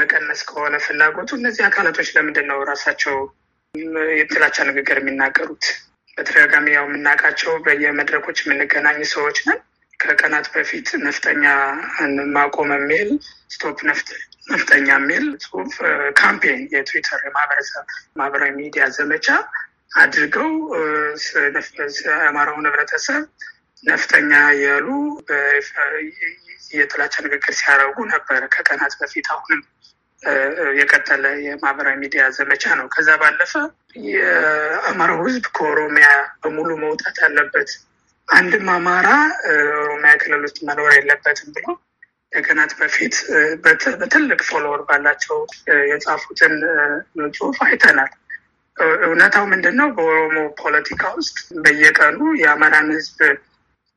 መቀነስ ከሆነ ፍላጎቱ እነዚህ አካላቶች ለምንድን ነው ራሳቸው የጥላቻ ንግግር የሚናገሩት? በተደጋጋሚ ያው የምናውቃቸው በየመድረኮች የምንገናኝ ሰዎች ነን። ከቀናት በፊት ነፍጠኛ ማቆም የሚል ስቶፕ ነፍጠኛ የሚል ጽሁፍ ካምፔን የትዊተር የማህበረሰብ ማህበራዊ ሚዲያ ዘመቻ አድርገው አማራው ህብረተሰብ ነፍጠኛ ያሉ የጥላቻ ንግግር ሲያደርጉ ነበር። ከቀናት በፊት አሁንም የቀጠለ የማህበራዊ ሚዲያ ዘመቻ ነው። ከዛ ባለፈ የአማራው ህዝብ ከኦሮሚያ በሙሉ መውጣት አለበት አንድም አማራ ኦሮሚያ ክልል ውስጥ መኖር የለበትም ብሎ ከቀናት በፊት በትልቅ ፎሎወር ባላቸው የጻፉትን ጽሁፍ አይተናል። እውነታው ምንድን ነው? በኦሮሞ ፖለቲካ ውስጥ በየቀኑ የአማራን ህዝብ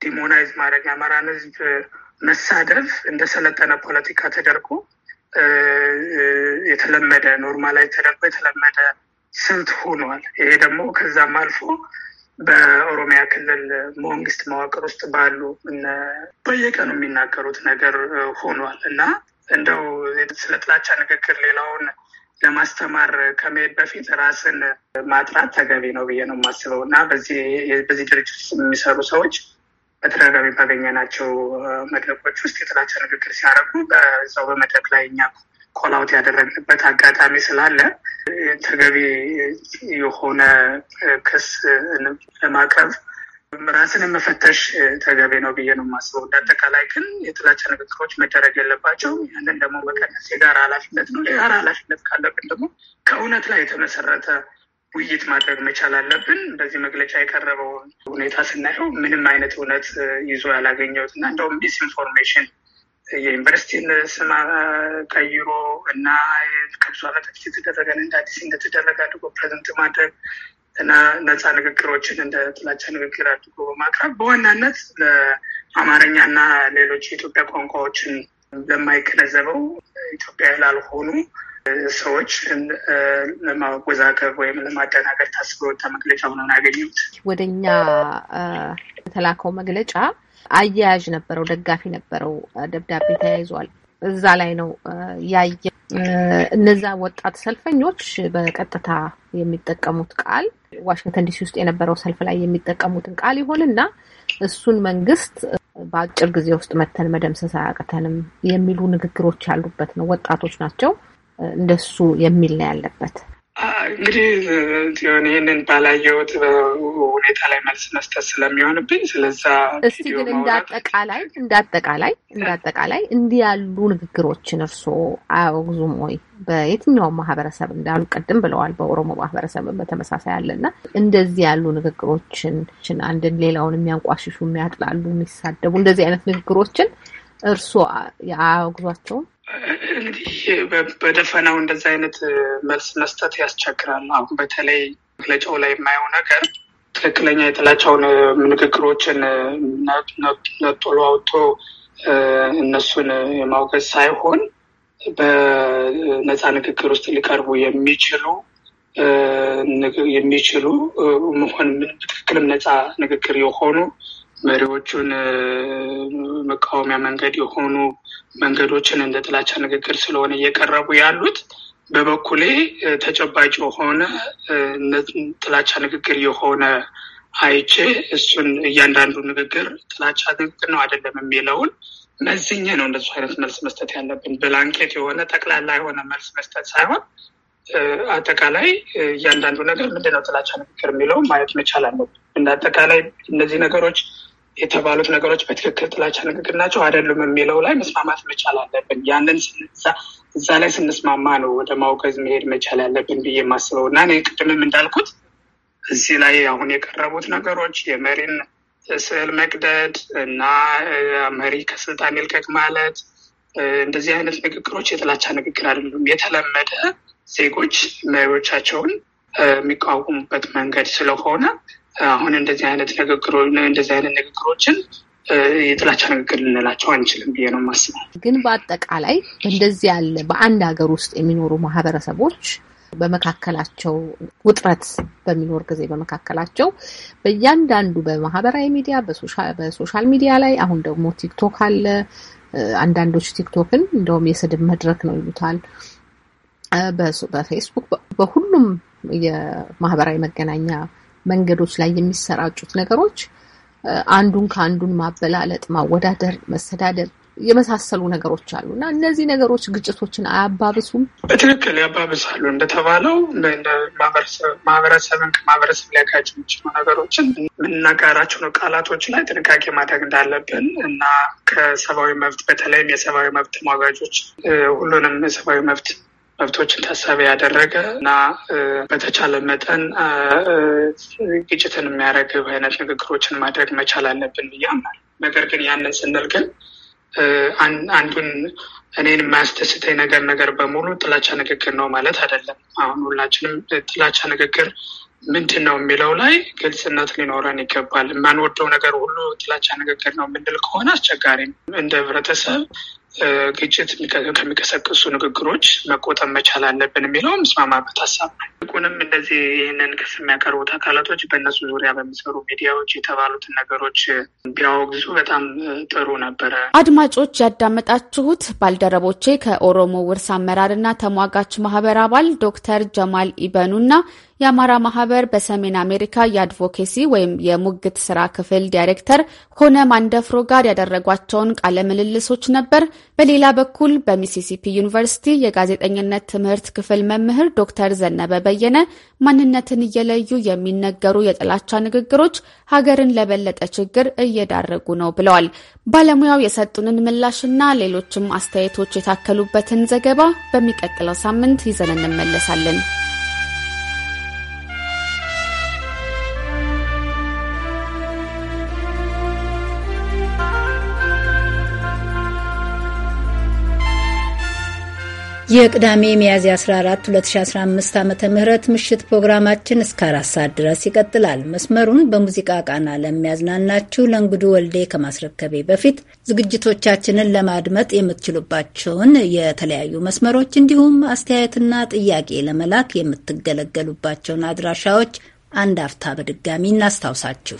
ዲሞናይዝ ማድረግ የአማራን ህዝብ መሳደብ እንደሰለጠነ ፖለቲካ ተደርጎ የተለመደ ኖርማላይዝ ተደርጎ የተለመደ ስልት ሆኗል። ይሄ ደግሞ ከዛም አልፎ በኦሮሚያ ክልል መንግስት መዋቅር ውስጥ ባሉ በየቀኑ የሚናገሩት ነገር ሆኗል እና እንደው ስለ ጥላቻ ንግግር ሌላውን ለማስተማር ከመሄድ በፊት ራስን ማጥራት ተገቢ ነው ብዬ ነው የማስበው እና በዚህ ድርጅት ውስጥ የሚሰሩ ሰዎች በተደጋጋሚ ባገኘናቸው መድረኮች ውስጥ የጥላቻ ንግግር ሲያደርጉ በዛው በመድረክ ላይ እኛ ኮላውት ያደረግንበት አጋጣሚ ስላለ ተገቢ የሆነ ክስ ለማቅረብ ራስን መፈተሽ ተገቢ ነው ብዬ ነው የማስበው። እንዳጠቃላይ ግን የጥላቻ ንግግሮች መደረግ የለባቸውም። ያንን ደግሞ መቀነስ የጋራ ኃላፊነት ነው። የጋራ ኃላፊነት ካለብን ደግሞ ከእውነት ላይ የተመሰረተ ውይይት ማድረግ መቻል አለብን። በዚህ መግለጫ የቀረበውን ሁኔታ ስናየው ምንም አይነት እውነት ይዞ ያላገኘሁት እና እንደውም ዲስኢንፎርሜሽን የዩኒቨርሲቲን ስም ቀይሮ እና ከብዙ ዓመታት የተደረገን እንደ አዲስ እንደተደረገ አድርጎ ፕሬዘንት ማድረግ እና ነፃ ንግግሮችን እንደ ጥላቻ ንግግር አድርጎ በማቅረብ በዋናነት ለአማርኛ እና ሌሎች የኢትዮጵያ ቋንቋዎችን ለማይገነዘበው ኢትዮጵያ ላልሆኑ ሰዎች ለማወዛገብ ወይም ለማደናገር ታስበ ወጣ መግለጫ ሆኖ ያገኙት ወደኛ የተላከው መግለጫ አያያዥ ነበረው፣ ደጋፊ ነበረው። ደብዳቤ ተያይዟል። እዛ ላይ ነው ያየ እነዛ ወጣት ሰልፈኞች በቀጥታ የሚጠቀሙት ቃል ዋሽንግተን ዲሲ ውስጥ የነበረው ሰልፍ ላይ የሚጠቀሙትን ቃል ይሆንና እሱን መንግስት በአጭር ጊዜ ውስጥ መተን መደምሰስ አያቅተንም የሚሉ ንግግሮች ያሉበት ነው። ወጣቶች ናቸው እንደሱ የሚል ነው ያለበት። እንግዲህ ሆን ይህንን ባላየሁት ሁኔታ ላይ መልስ መስጠት ስለሚሆንብኝ ስለዛ እስቲ ግን እንዳጠቃላይ እንዳጠቃላይ እንዳጠቃላይ እንዲህ ያሉ ንግግሮችን እርስዎ አያወግዙም ወይ? በየትኛውም ማህበረሰብ እንዳሉ ቅድም ብለዋል። በኦሮሞ ማህበረሰብ በተመሳሳይ አለና እንደዚህ ያሉ ንግግሮችን አንድን ሌላውን የሚያንቋሽሹ፣ የሚያጥላሉ፣ የሚሳደቡ እንደዚህ አይነት ንግግሮችን እርስዎ አያወግዟቸውም? እንዲህ በደፈናው እንደዚህ አይነት መልስ መስጠት ያስቸግራል። አሁን በተለይ መግለጫው ላይ የማየው ነገር ትክክለኛ የጥላቻውን ንግግሮችን ነጥሎ አውጥቶ እነሱን የማውገዝ ሳይሆን በነፃ ንግግር ውስጥ ሊቀርቡ የሚችሉ የሚችሉ መሆን ትክክልም ነፃ ንግግር የሆኑ መሪዎቹን መቃወሚያ መንገድ የሆኑ መንገዶችን እንደ ጥላቻ ንግግር ስለሆነ እየቀረቡ ያሉት በበኩሌ ተጨባጭ የሆነ ጥላቻ ንግግር የሆነ አይቼ እሱን እያንዳንዱ ንግግር ጥላቻ ንግግር ነው አይደለም የሚለውን መዝኘ ነው እንደሱ አይነት መልስ መስጠት ያለብን። ብላንኬት የሆነ ጠቅላላ የሆነ መልስ መስጠት ሳይሆን አጠቃላይ እያንዳንዱ ነገር ምንድነው ጥላቻ ንግግር የሚለው ማየት መቻል አለብን። እንደ አጠቃላይ እነዚህ ነገሮች የተባሉት ነገሮች በትክክል ጥላቻ ንግግር ናቸው አይደሉም የሚለው ላይ መስማማት መቻል አለብን። ያንን እዛ ላይ ስንስማማ ነው ወደ ማውገዝ መሄድ መቻል ያለብን ብዬ የማስበው እና ቅድምም እንዳልኩት እዚህ ላይ አሁን የቀረቡት ነገሮች የመሪን ስዕል መቅደድ እና መሪ ከስልጣን ይልቀቅ ማለት እንደዚህ አይነት ንግግሮች የጥላቻ ንግግር አይደሉም። የተለመደ ዜጎች መሪዎቻቸውን የሚቃወሙበት መንገድ ስለሆነ አሁን እንደዚህ አይነት ንግግሮ እንደዚህ አይነት ንግግሮችን የጥላቻ ንግግር ልንላቸው አንችልም ብዬ ነው የማስበው። ግን በአጠቃላይ እንደዚህ ያለ በአንድ ሀገር ውስጥ የሚኖሩ ማህበረሰቦች በመካከላቸው ውጥረት በሚኖር ጊዜ በመካከላቸው በእያንዳንዱ በማህበራዊ ሚዲያ በሶሻል ሚዲያ ላይ አሁን ደግሞ ቲክቶክ አለ። አንዳንዶች ቲክቶክን እንደውም የስድብ መድረክ ነው ይሉታል። በፌስቡክ በሁሉም የማህበራዊ መገናኛ መንገዶች ላይ የሚሰራጩት ነገሮች አንዱን ከአንዱን ማበላለጥ፣ ማወዳደር፣ መሰዳደር የመሳሰሉ ነገሮች አሉ እና እነዚህ ነገሮች ግጭቶችን አያባብሱም? በትክክል ያባብሳሉ። እንደተባለው ማህበረሰብን ከማህበረሰብ ሊያጋጭ የሚችሉ ነገሮችን የምንናገራቸው ነው። ቃላቶች ላይ ጥንቃቄ ማድረግ እንዳለብን እና ከሰብአዊ መብት በተለይም የሰብአዊ መብት ተሟጋጆች ሁሉንም የሰብአዊ መብት መብቶችን ታሳቢ ያደረገ እና በተቻለ መጠን ግጭትን የሚያረግብ አይነት ንግግሮችን ማድረግ መቻል አለብን ብዬ ነገር ግን ያንን ስንል ግን አንዱን እኔን የማያስደስተኝ ነገር ነገር በሙሉ ጥላቻ ንግግር ነው ማለት አይደለም። አሁን ሁላችንም ጥላቻ ንግግር ምንድን ነው የሚለው ላይ ግልጽነት ሊኖረን ይገባል። የማንወደው ነገር ሁሉ ጥላቻ ንግግር ነው የምንል ከሆነ አስቸጋሪ ነው። እንደ ህብረተሰብ ግጭት ከሚቀሰቅሱ ንግግሮች መቆጠብ መቻል አለብን የሚለው ስማማበት ሀሳብ ነው። ይልቁንም እንደዚህ ይህንን ክስ የሚያቀርቡት አካላቶች በእነሱ ዙሪያ በሚሰሩ ሚዲያዎች የተባሉትን ነገሮች ቢያወግዙ በጣም ጥሩ ነበረ። አድማጮች ያዳመጣችሁት ባልደረቦቼ ከኦሮሞ ውርስ አመራርና ተሟጋች ማህበር አባል ዶክተር ጀማል ኢበኑና የአማራ ማህበር በሰሜን አሜሪካ የአድቮኬሲ ወይም የሙግት ስራ ክፍል ዳይሬክተር ሆነ ማንደፍሮ ጋር ያደረጓቸውን ቃለ ምልልሶች ነበር። በሌላ በኩል በሚሲሲፒ ዩኒቨርሲቲ የጋዜጠኝነት ትምህርት ክፍል መምህር ዶክተር ዘነበ በየነ ማንነትን እየለዩ የሚነገሩ የጥላቻ ንግግሮች ሀገርን ለበለጠ ችግር እየዳረጉ ነው ብለዋል። ባለሙያው የሰጡንን ምላሽና ሌሎችም አስተያየቶች የታከሉበትን ዘገባ በሚቀጥለው ሳምንት ይዘን እንመለሳለን። የቅዳሜ ሚያዝያ 14 2015 ዓ ም ምሽት ፕሮግራማችን እስከ አራት ሰዓት ድረስ ይቀጥላል። መስመሩን በሙዚቃ ቃና ለሚያዝናናችሁ ለእንግዱ ወልዴ ከማስረከቤ በፊት ዝግጅቶቻችንን ለማድመጥ የምትችሉባቸውን የተለያዩ መስመሮች እንዲሁም አስተያየትና ጥያቄ ለመላክ የምትገለገሉባቸውን አድራሻዎች አንድ አፍታ በድጋሚ እናስታውሳችሁ።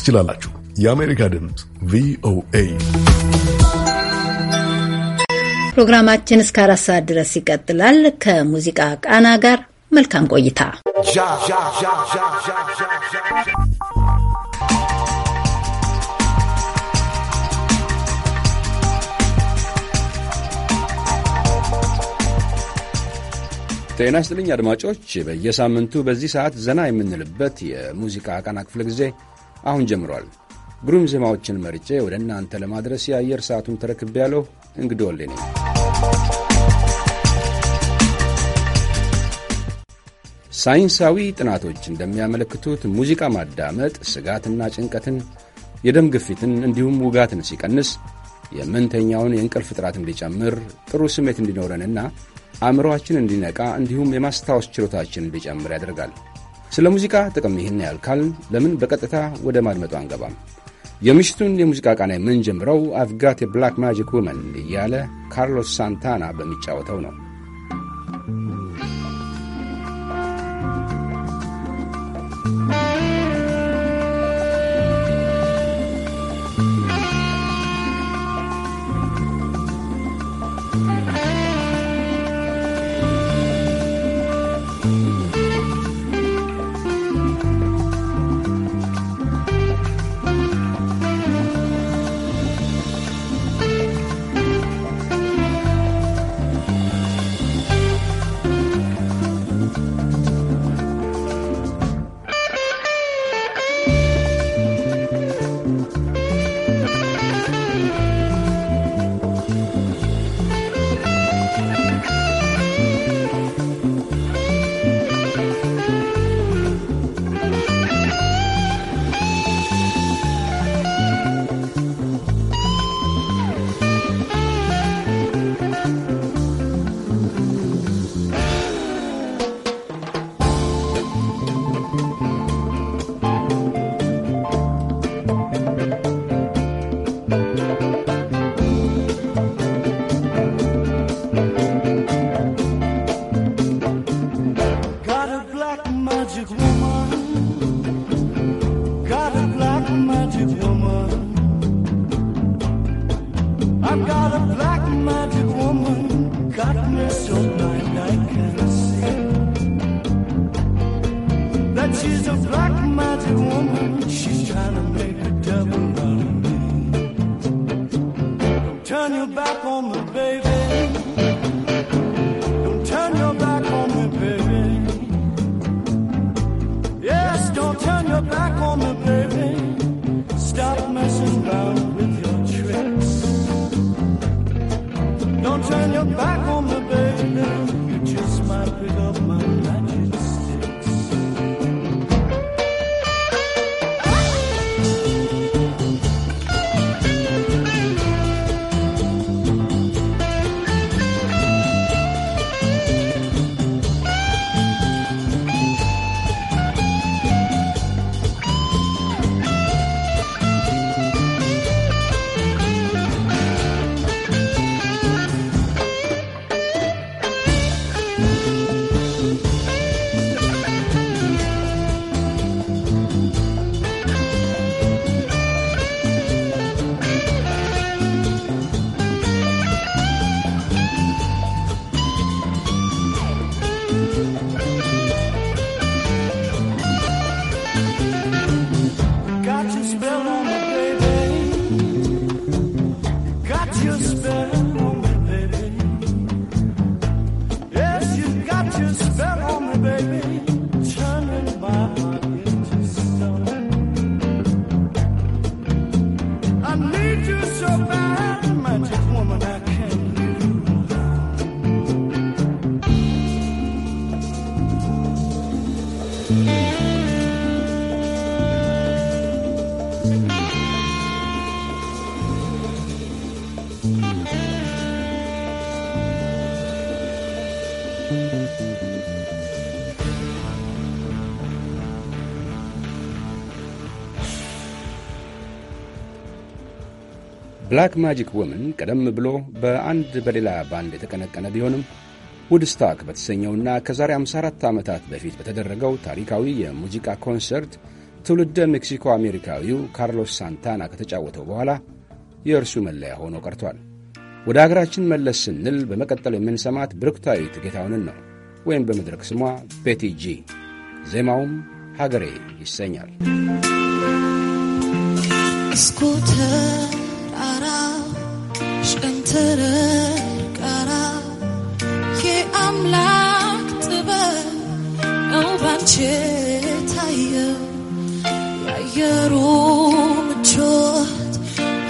ትችላላችሁ። የአሜሪካ ድምፅ ቪኦኤ ፕሮግራማችን እስከ አራት ሰዓት ድረስ ይቀጥላል። ከሙዚቃ ቃና ጋር መልካም ቆይታ። ጤና ስጥልኝ አድማጮች፣ በየሳምንቱ በዚህ ሰዓት ዘና የምንልበት የሙዚቃ ቃና ክፍለ ጊዜ አሁን ጀምሯል። ግሩም ዜማዎችን መርጬ ወደ እናንተ ለማድረስ የአየር ሰዓቱን ተረክብ ያለው እንግዲህ ወሌ ነኝ። ሳይንሳዊ ጥናቶች እንደሚያመለክቱት ሙዚቃ ማዳመጥ ስጋትና ጭንቀትን፣ የደም ግፊትን እንዲሁም ውጋትን ሲቀንስ የምንተኛውን የእንቅልፍ ጥራት እንዲጨምር፣ ጥሩ ስሜት እንዲኖረንና አእምሮአችን እንዲነቃ እንዲሁም የማስታወስ ችሎታችን እንዲጨምር ያደርጋል። ስለ ሙዚቃ ጥቅም ይህን ያልካል፣ ለምን በቀጥታ ወደ ማድመጡ አንገባም? የምሽቱን የሙዚቃ ቃና የምንጀምረው አፍጋት የብላክ ማጂክ ውመን እያለ ካርሎስ ሳንታና በሚጫወተው ነው። turn your back on me, baby. Don't turn your back on me, baby. Yes, don't turn your back on me, baby. Stop messing around with your tricks. Don't turn your back on me, baby. You just might pick up. ብላክ ማጂክ ወመን ቀደም ብሎ በአንድ በሌላ ባንድ የተቀነቀነ ቢሆንም ውድስታክ በተሰኘውና ከዛሬ 54 ዓመታት በፊት በተደረገው ታሪካዊ የሙዚቃ ኮንሰርት ትውልደ ሜክሲኮ አሜሪካዊው ካርሎስ ሳንታና ከተጫወተው በኋላ የእርሱ መለያ ሆኖ ቀርቷል። ወደ አገራችን መለስ ስንል በመቀጠል የምንሰማት ብርክታዊት ትጌታውንን ነው፣ ወይም በመድረክ ስሟ ቤቲ ጂ። ዜማውም ሀገሬ ይሰኛል። ትርቀራ የአምላክ ጥበብ ነው ባንቺ ታየው የአየሩ ምቾት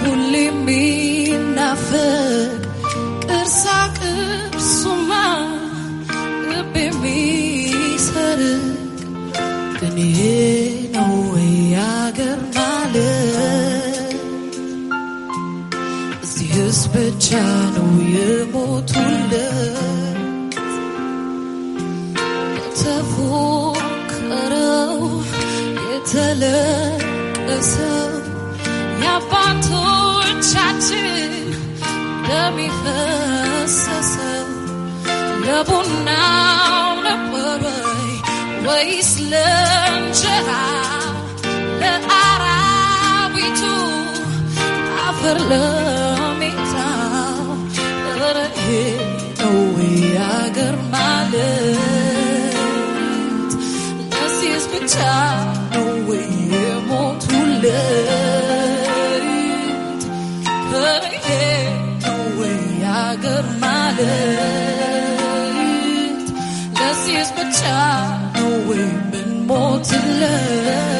ሁሌ የሚናፍቅ ቅርሳ ቅርሱማ ልብ የሚሰርቅ ግን ይሄ ነው ወይ አገር ኢየሱስ ብቻ ነው የሞቱለት የተፎከረው የተለቀሰው የአባቶቻችን ደም የፈሰሰው ለቡናው ነበረ ወይስ ለእንጀራ ለአራዊቱ አፈር gonna hit No way I got my lens No si escuchar No way hemos to learned to hit No way I got my lens No si escuchar No way hemos to learned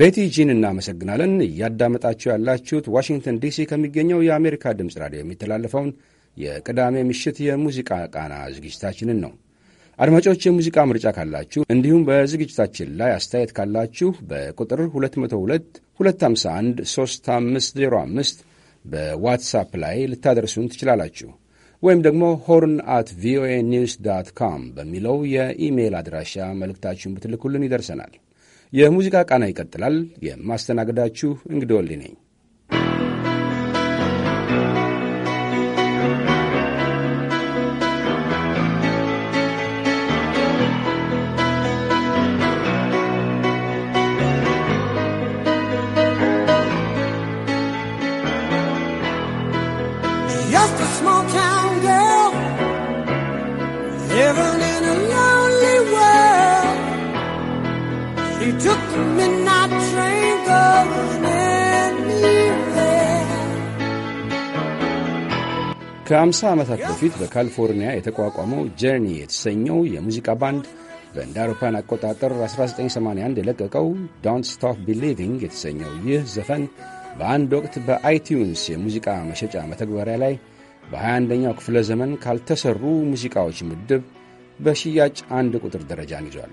ቤቲ ጂን እናመሰግናለን። እያዳመጣችሁ ያላችሁት ዋሽንግተን ዲሲ ከሚገኘው የአሜሪካ ድምፅ ራዲዮ የሚተላለፈውን የቅዳሜ ምሽት የሙዚቃ ቃና ዝግጅታችንን ነው። አድማጮች የሙዚቃ ምርጫ ካላችሁ እንዲሁም በዝግጅታችን ላይ አስተያየት ካላችሁ በቁጥር 202 በዋትሳፕ ላይ ልታደርሱን ትችላላችሁ። ወይም ደግሞ ሆርን አት ቪኦኤ ኒውስ ዳት ካም በሚለው የኢሜይል አድራሻ መልእክታችሁን ብትልኩልን ይደርሰናል። የሙዚቃ ቃና ይቀጥላል። የማስተናግዳችሁ እንግዲህ ወልድ ነኝ። ከ the ከአምሳ ዓመታት በፊት በካሊፎርኒያ የተቋቋመው ጀርኒ የተሰኘው የሙዚቃ ባንድ በእንደ አውሮፓን አቆጣጠር 1981 የለቀቀው ዶንት ስቶፕ ቢሊቪንግ የተሰኘው ይህ ዘፈን በአንድ ወቅት በአይቲዩንስ የሙዚቃ መሸጫ መተግበሪያ ላይ በ21ኛው ክፍለ ዘመን ካልተሰሩ ሙዚቃዎች ምድብ በሽያጭ አንድ ቁጥር ደረጃን ይዟል።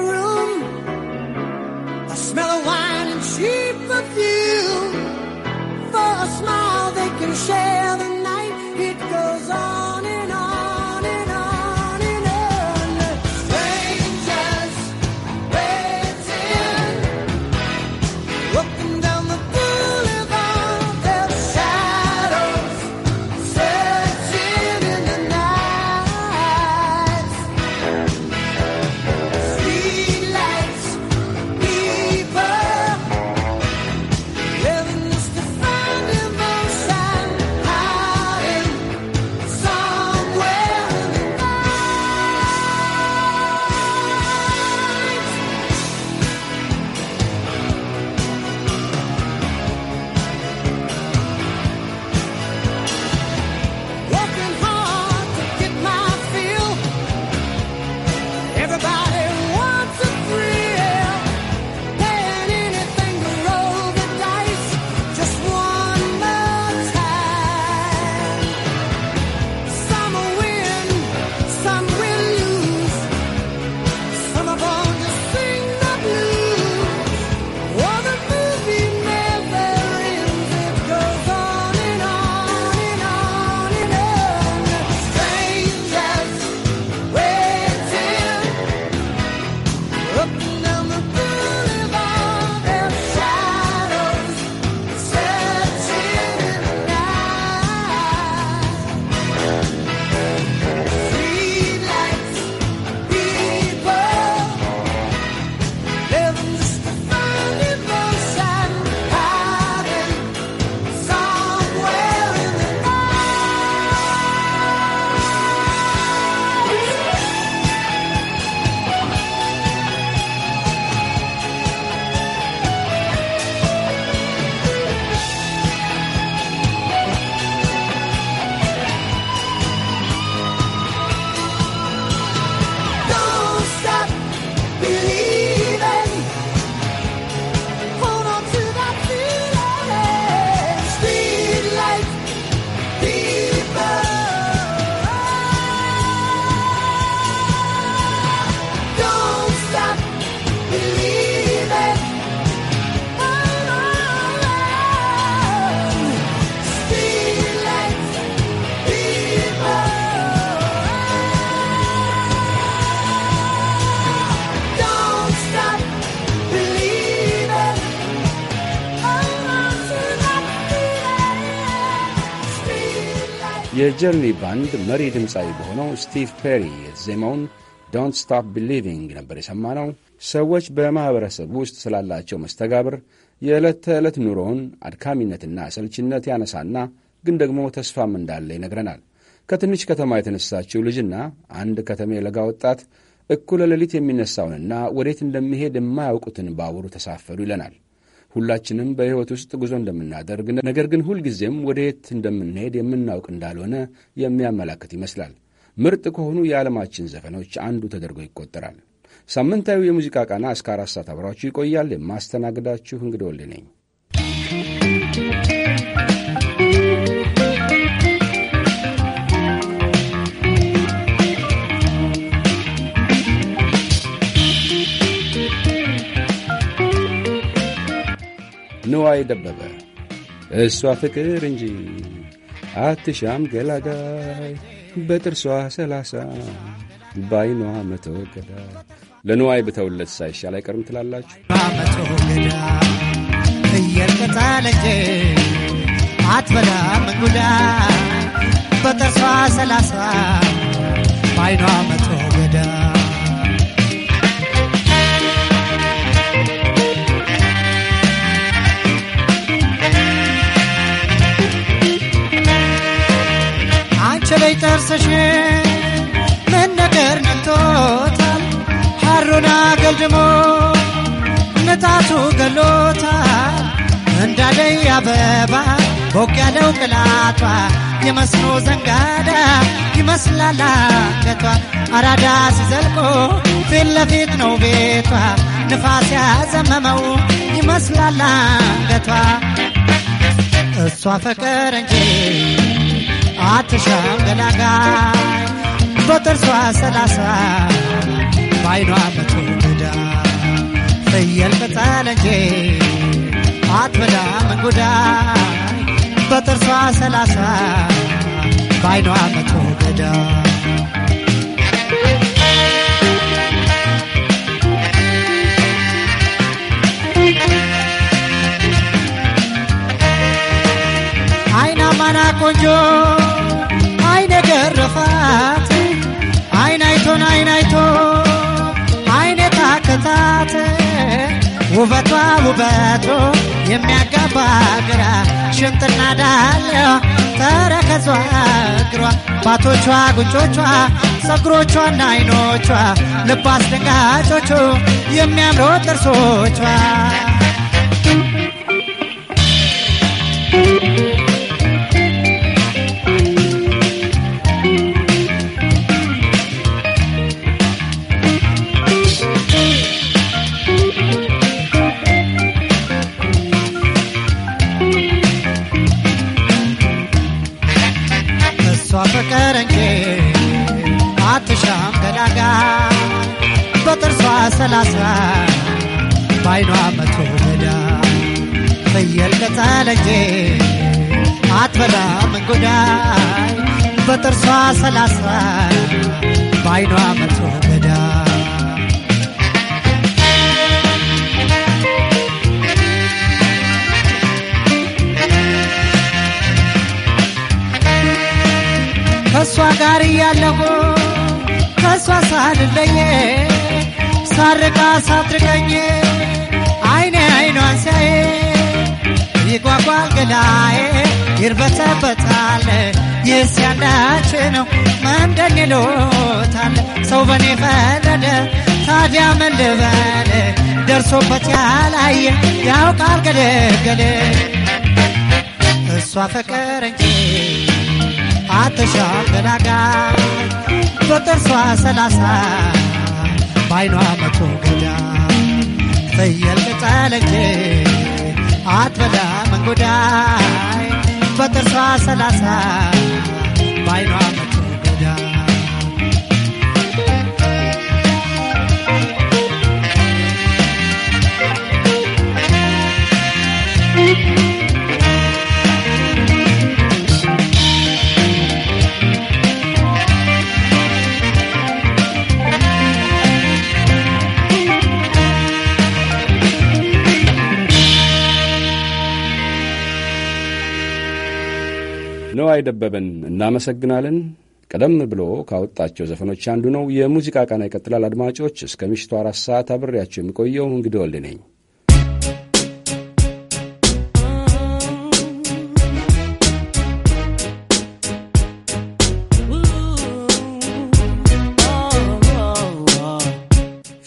የጀርኒ ባንድ መሪ ድምፃዊ በሆነው ስቲቭ ፔሪ የተዜመውን ዶንት ስታፕ ቢሊቪንግ ነበር ነው። ሰዎች በማኅበረሰብ ውስጥ ስላላቸው መስተጋብር የዕለት ተዕለት ኑሮውን አድካሚነትና ሰልችነት ያነሳና ግን ደግሞ ተስፋም እንዳለ ይነግረናል። ከትንሽ ከተማ የተነሳችው ልጅና አንድ ከተማ የለጋ ወጣት እኩለ ሌሊት የሚነሳውንና ወዴት እንደሚሄድ የማያውቁትን ባቡር ተሳፈሩ ይለናል። ሁላችንም በሕይወት ውስጥ ጉዞ እንደምናደርግ ነገር ግን ሁልጊዜም ወደ የት እንደምንሄድ የምናውቅ እንዳልሆነ የሚያመላክት ይመስላል። ምርጥ ከሆኑ የዓለማችን ዘፈኖች አንዱ ተደርጎ ይቆጠራል። ሳምንታዊ የሙዚቃ ቃና እስከ አራት ሰዓት አብራችሁ ይቆያል። የማስተናግዳችሁ እንግዳ ወልድ ነኝ። ንዋይ ደበበ እሷ ፍቅር እንጂ አትሻም ገላጋይ በጥርሷ ሰላሳ ባይኗ መቶ ገዳ ለንዋይ ብተውለት ሳይሻል አይቀርም ትላላችሁ። መቶ ገዳ እየቀጣለች አትበላ መንጉዳ በጥርሷ ሰላሳ ባይኗ መቶ ከሰሽ ምን ነገር ነክቶታል? ሐሩን አገልድሞ ነጣቱ ገሎታል። እንዳለይ አበባ ቦቅ ያለው ቅላቷ የመስኖ ዘንጋዳ ይመስላል አገቷ አራዳ ሲዘልቆ ፊት ለፊት ነው ቤቷ ንፋስ ያዘመመው ይመስላል አንገቷ እሷ ፈቀር እንጂ አትሻም በጥርሷ ሰላሳ ባይኗ መቶ ፍየል ቅጠል እንጂ አትበላም እንጉዳይ በጥርሷ ሰላሳ ባይኗ መቶ ዳ አይናማና ቆንጆ መጥፋት አይናይቶን አይናይቶ አይኔ ታከታት ውበቷ ውበቶ የሚያጋባ ግራ ሽምጥና ዳሌዋ ተረከዟ እግሯ ባቶቿ ጉንጮቿ ጸጉሮቿና አይኖቿ ልብ አስደንጋጮቹ የሚያምሩ ጥርሶቿ ሰላሳ ባይኗ መቶ ሄዳ ፍየል ገዛለች አትበላም እንጉዳይ በጥርሷ ሰላሳ ባይኗ መቶ ሄዳ ከእሷ ጋር እያለሁ ከእሷ ሳልለኝ ሳርቃ ሳትርቀኝ አይኔ አይኗን ሳይ ይጓጓል ገላዬ ይርበተበታል። ይስ ያንዳች ነው መምደን ይሎታል ሰው በኔ ፈረደ ታዲያ ምን ልበል ደርሶበት ያላየ ያውቃል ገደገደ እሷ ፍቅር እንጂ አትሻም ገላጋ በጥርሷ ሰላሳ ባይኗ መቶ ጎዳ ትየልቅጠለጌ አትበዳ መንጎዳይ በጥርሷ ሰላሳ ባይኗ ተስፋዬ ደበበን እናመሰግናለን። ቀደም ብሎ ካወጣቸው ዘፈኖች አንዱ ነው። የሙዚቃ ቃና ይቀጥላል። አድማጮች እስከ ምሽቱ አራት ሰዓት አብሬያቸው የሚቆየው እንግዲህ ወልድ ነኝ።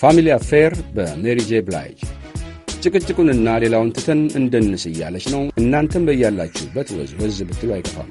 ፋሚሊ አፌር በሜሪ ጄ ብላይጅ ጭቅጭቁንና ሌላውን ትተን እንደንስ እያለች ነው። እናንተም በያላችሁበት ወዝ ወዝ ብትሉ አይከፋም።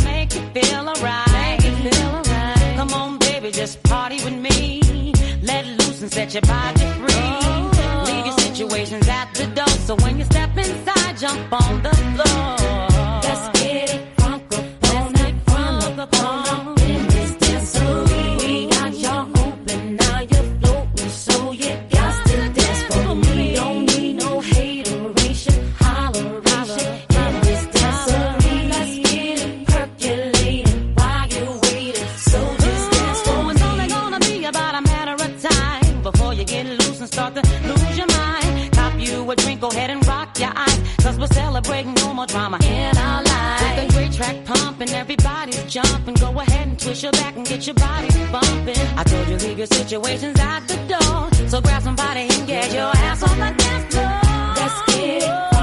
your body breathe. Leave your situations at the door. So when you step inside, jump on a drink, go ahead and rock your eyes. Cause we're celebrating no more drama in our lives. With a great track pumping, everybody's jumping. Go ahead and twist your back and get your body bumping. I told you, leave your situations out the door. So grab somebody and get your ass on the dance floor. Let's get it.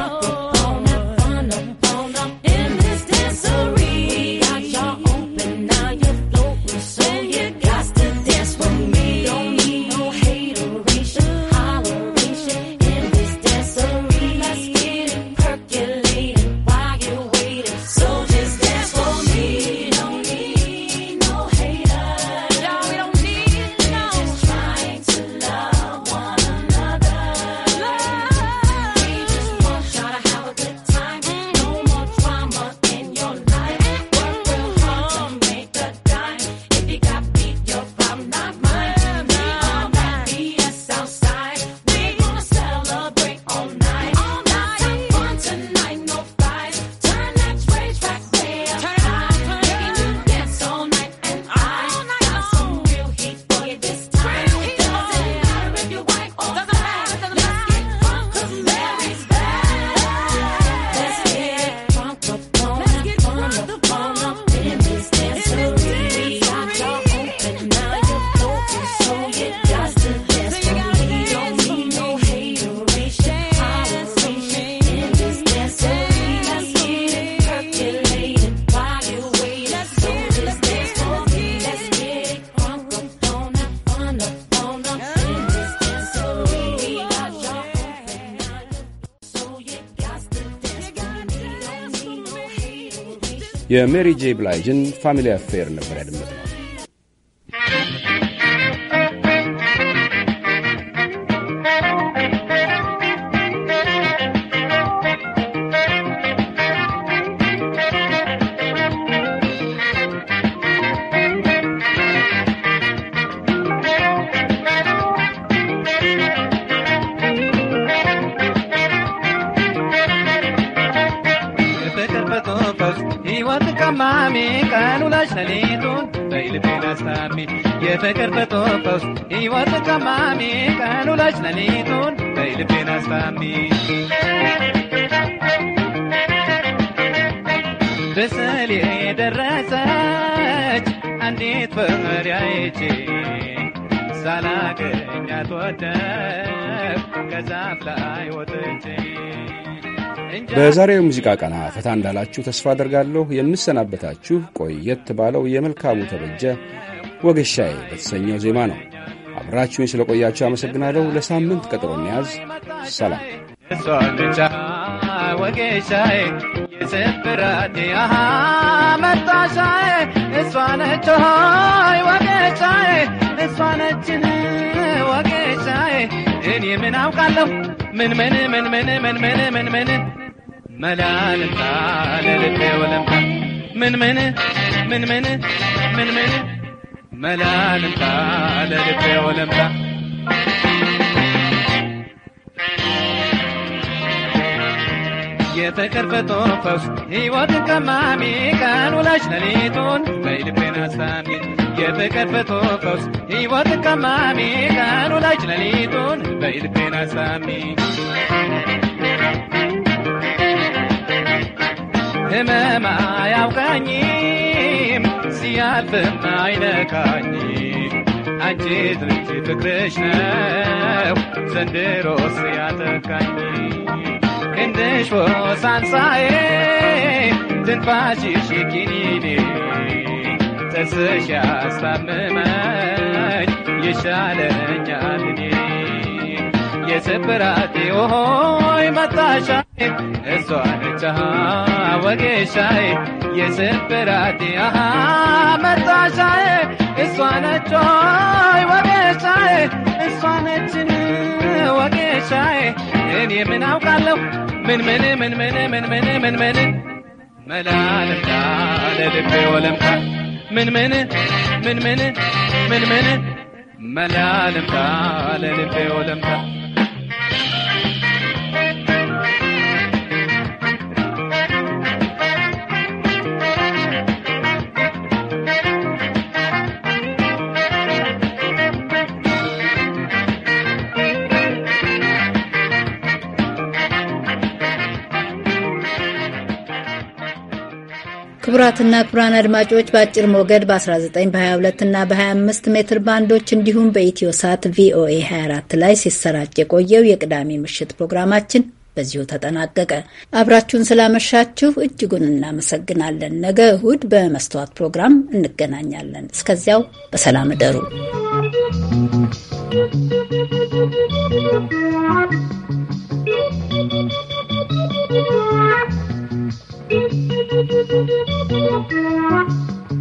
የሜሪ ጄ ብላይጅን ፋሚሊ አፌር ነበር ያደመጥነው። ተሳሳሚ የፍቅር በጦፈውስ ሕይወት ቀማሚ ቀን ውላጅ ለሊቱን በይልቤን አስታሚ ብስል የደረሰች አንዲት ፍቅር ያይቼ ሳላገኛት ወደቅ ከዛፍ ላይ ወጥቼ በዛሬው ሙዚቃ ቀና ፈታ እንዳላችሁ ተስፋ አደርጋለሁ። የምሰናበታችሁ ቆየት ባለው የመልካሙ ተበጀ ወገሻዬ በተሰኘው ዜማ ነው። አብራችሁኝ ስለ ቆያችሁ አመሰግናለሁ። ለሳምንት ቀጠሮ እንያዝ። ሰላም ወጌሻዬ የስብራት እኔ ምን አውቃለሁ ምን ምን ምን ምን ምን ምን ምን ምን ምን ምን ምን ምን ምን ምን መላልምጣ ለልቤ ወለምታ የፍቅር ፍጡር ፈውስ ሕይወትን ቀማሚ ቀን ውላሽ ሌሊቱን በይ አሳሚ የፍቅር ፍጡር ፈውስ ሕይወትን ቀማሚ ቀን ውላሽ ሌሊቱን በይ አሳሚ ህመማ ያውቃኝ ሲያልፍም አይነካኝ አንቺ ትንሽ ፍቅርሽ ነው ዘንድሮ ሲያጠቃኝ ክንድሽ ወሳንሳዬ ትንፋሽሽ ኪኒኔ ጥርስሽ ያስታምመኝ ይሻለኛል እኔ የስብራቴ ሆይ መጣሻ እሷ ነች ወጌሻዬ የስብራቴ መጣሻዬ እሷ ነች ወጌሻዬ እሷ ነችን ወጌሻዬ እኔ ምን አውቃለሁ ምን ምን ምን ምን ምን ምን ምን ምን መላለምዳ ለልቤ ወለምታ ምን ምን ምን ምን ምን ምን መላለምዳ ለልቤ ወለምታ ክቡራትና ክቡራን አድማጮች በአጭር ሞገድ በ19 በ22 እና በ25 ሜትር ባንዶች እንዲሁም በኢትዮ ሳት ቪኦኤ 24 ላይ ሲሰራጭ የቆየው የቅዳሜ ምሽት ፕሮግራማችን በዚሁ ተጠናቀቀ። አብራችሁን ስላመሻችሁ እጅጉን እናመሰግናለን። ነገ እሁድ በመስተዋት ፕሮግራም እንገናኛለን። እስከዚያው በሰላም እደሩ።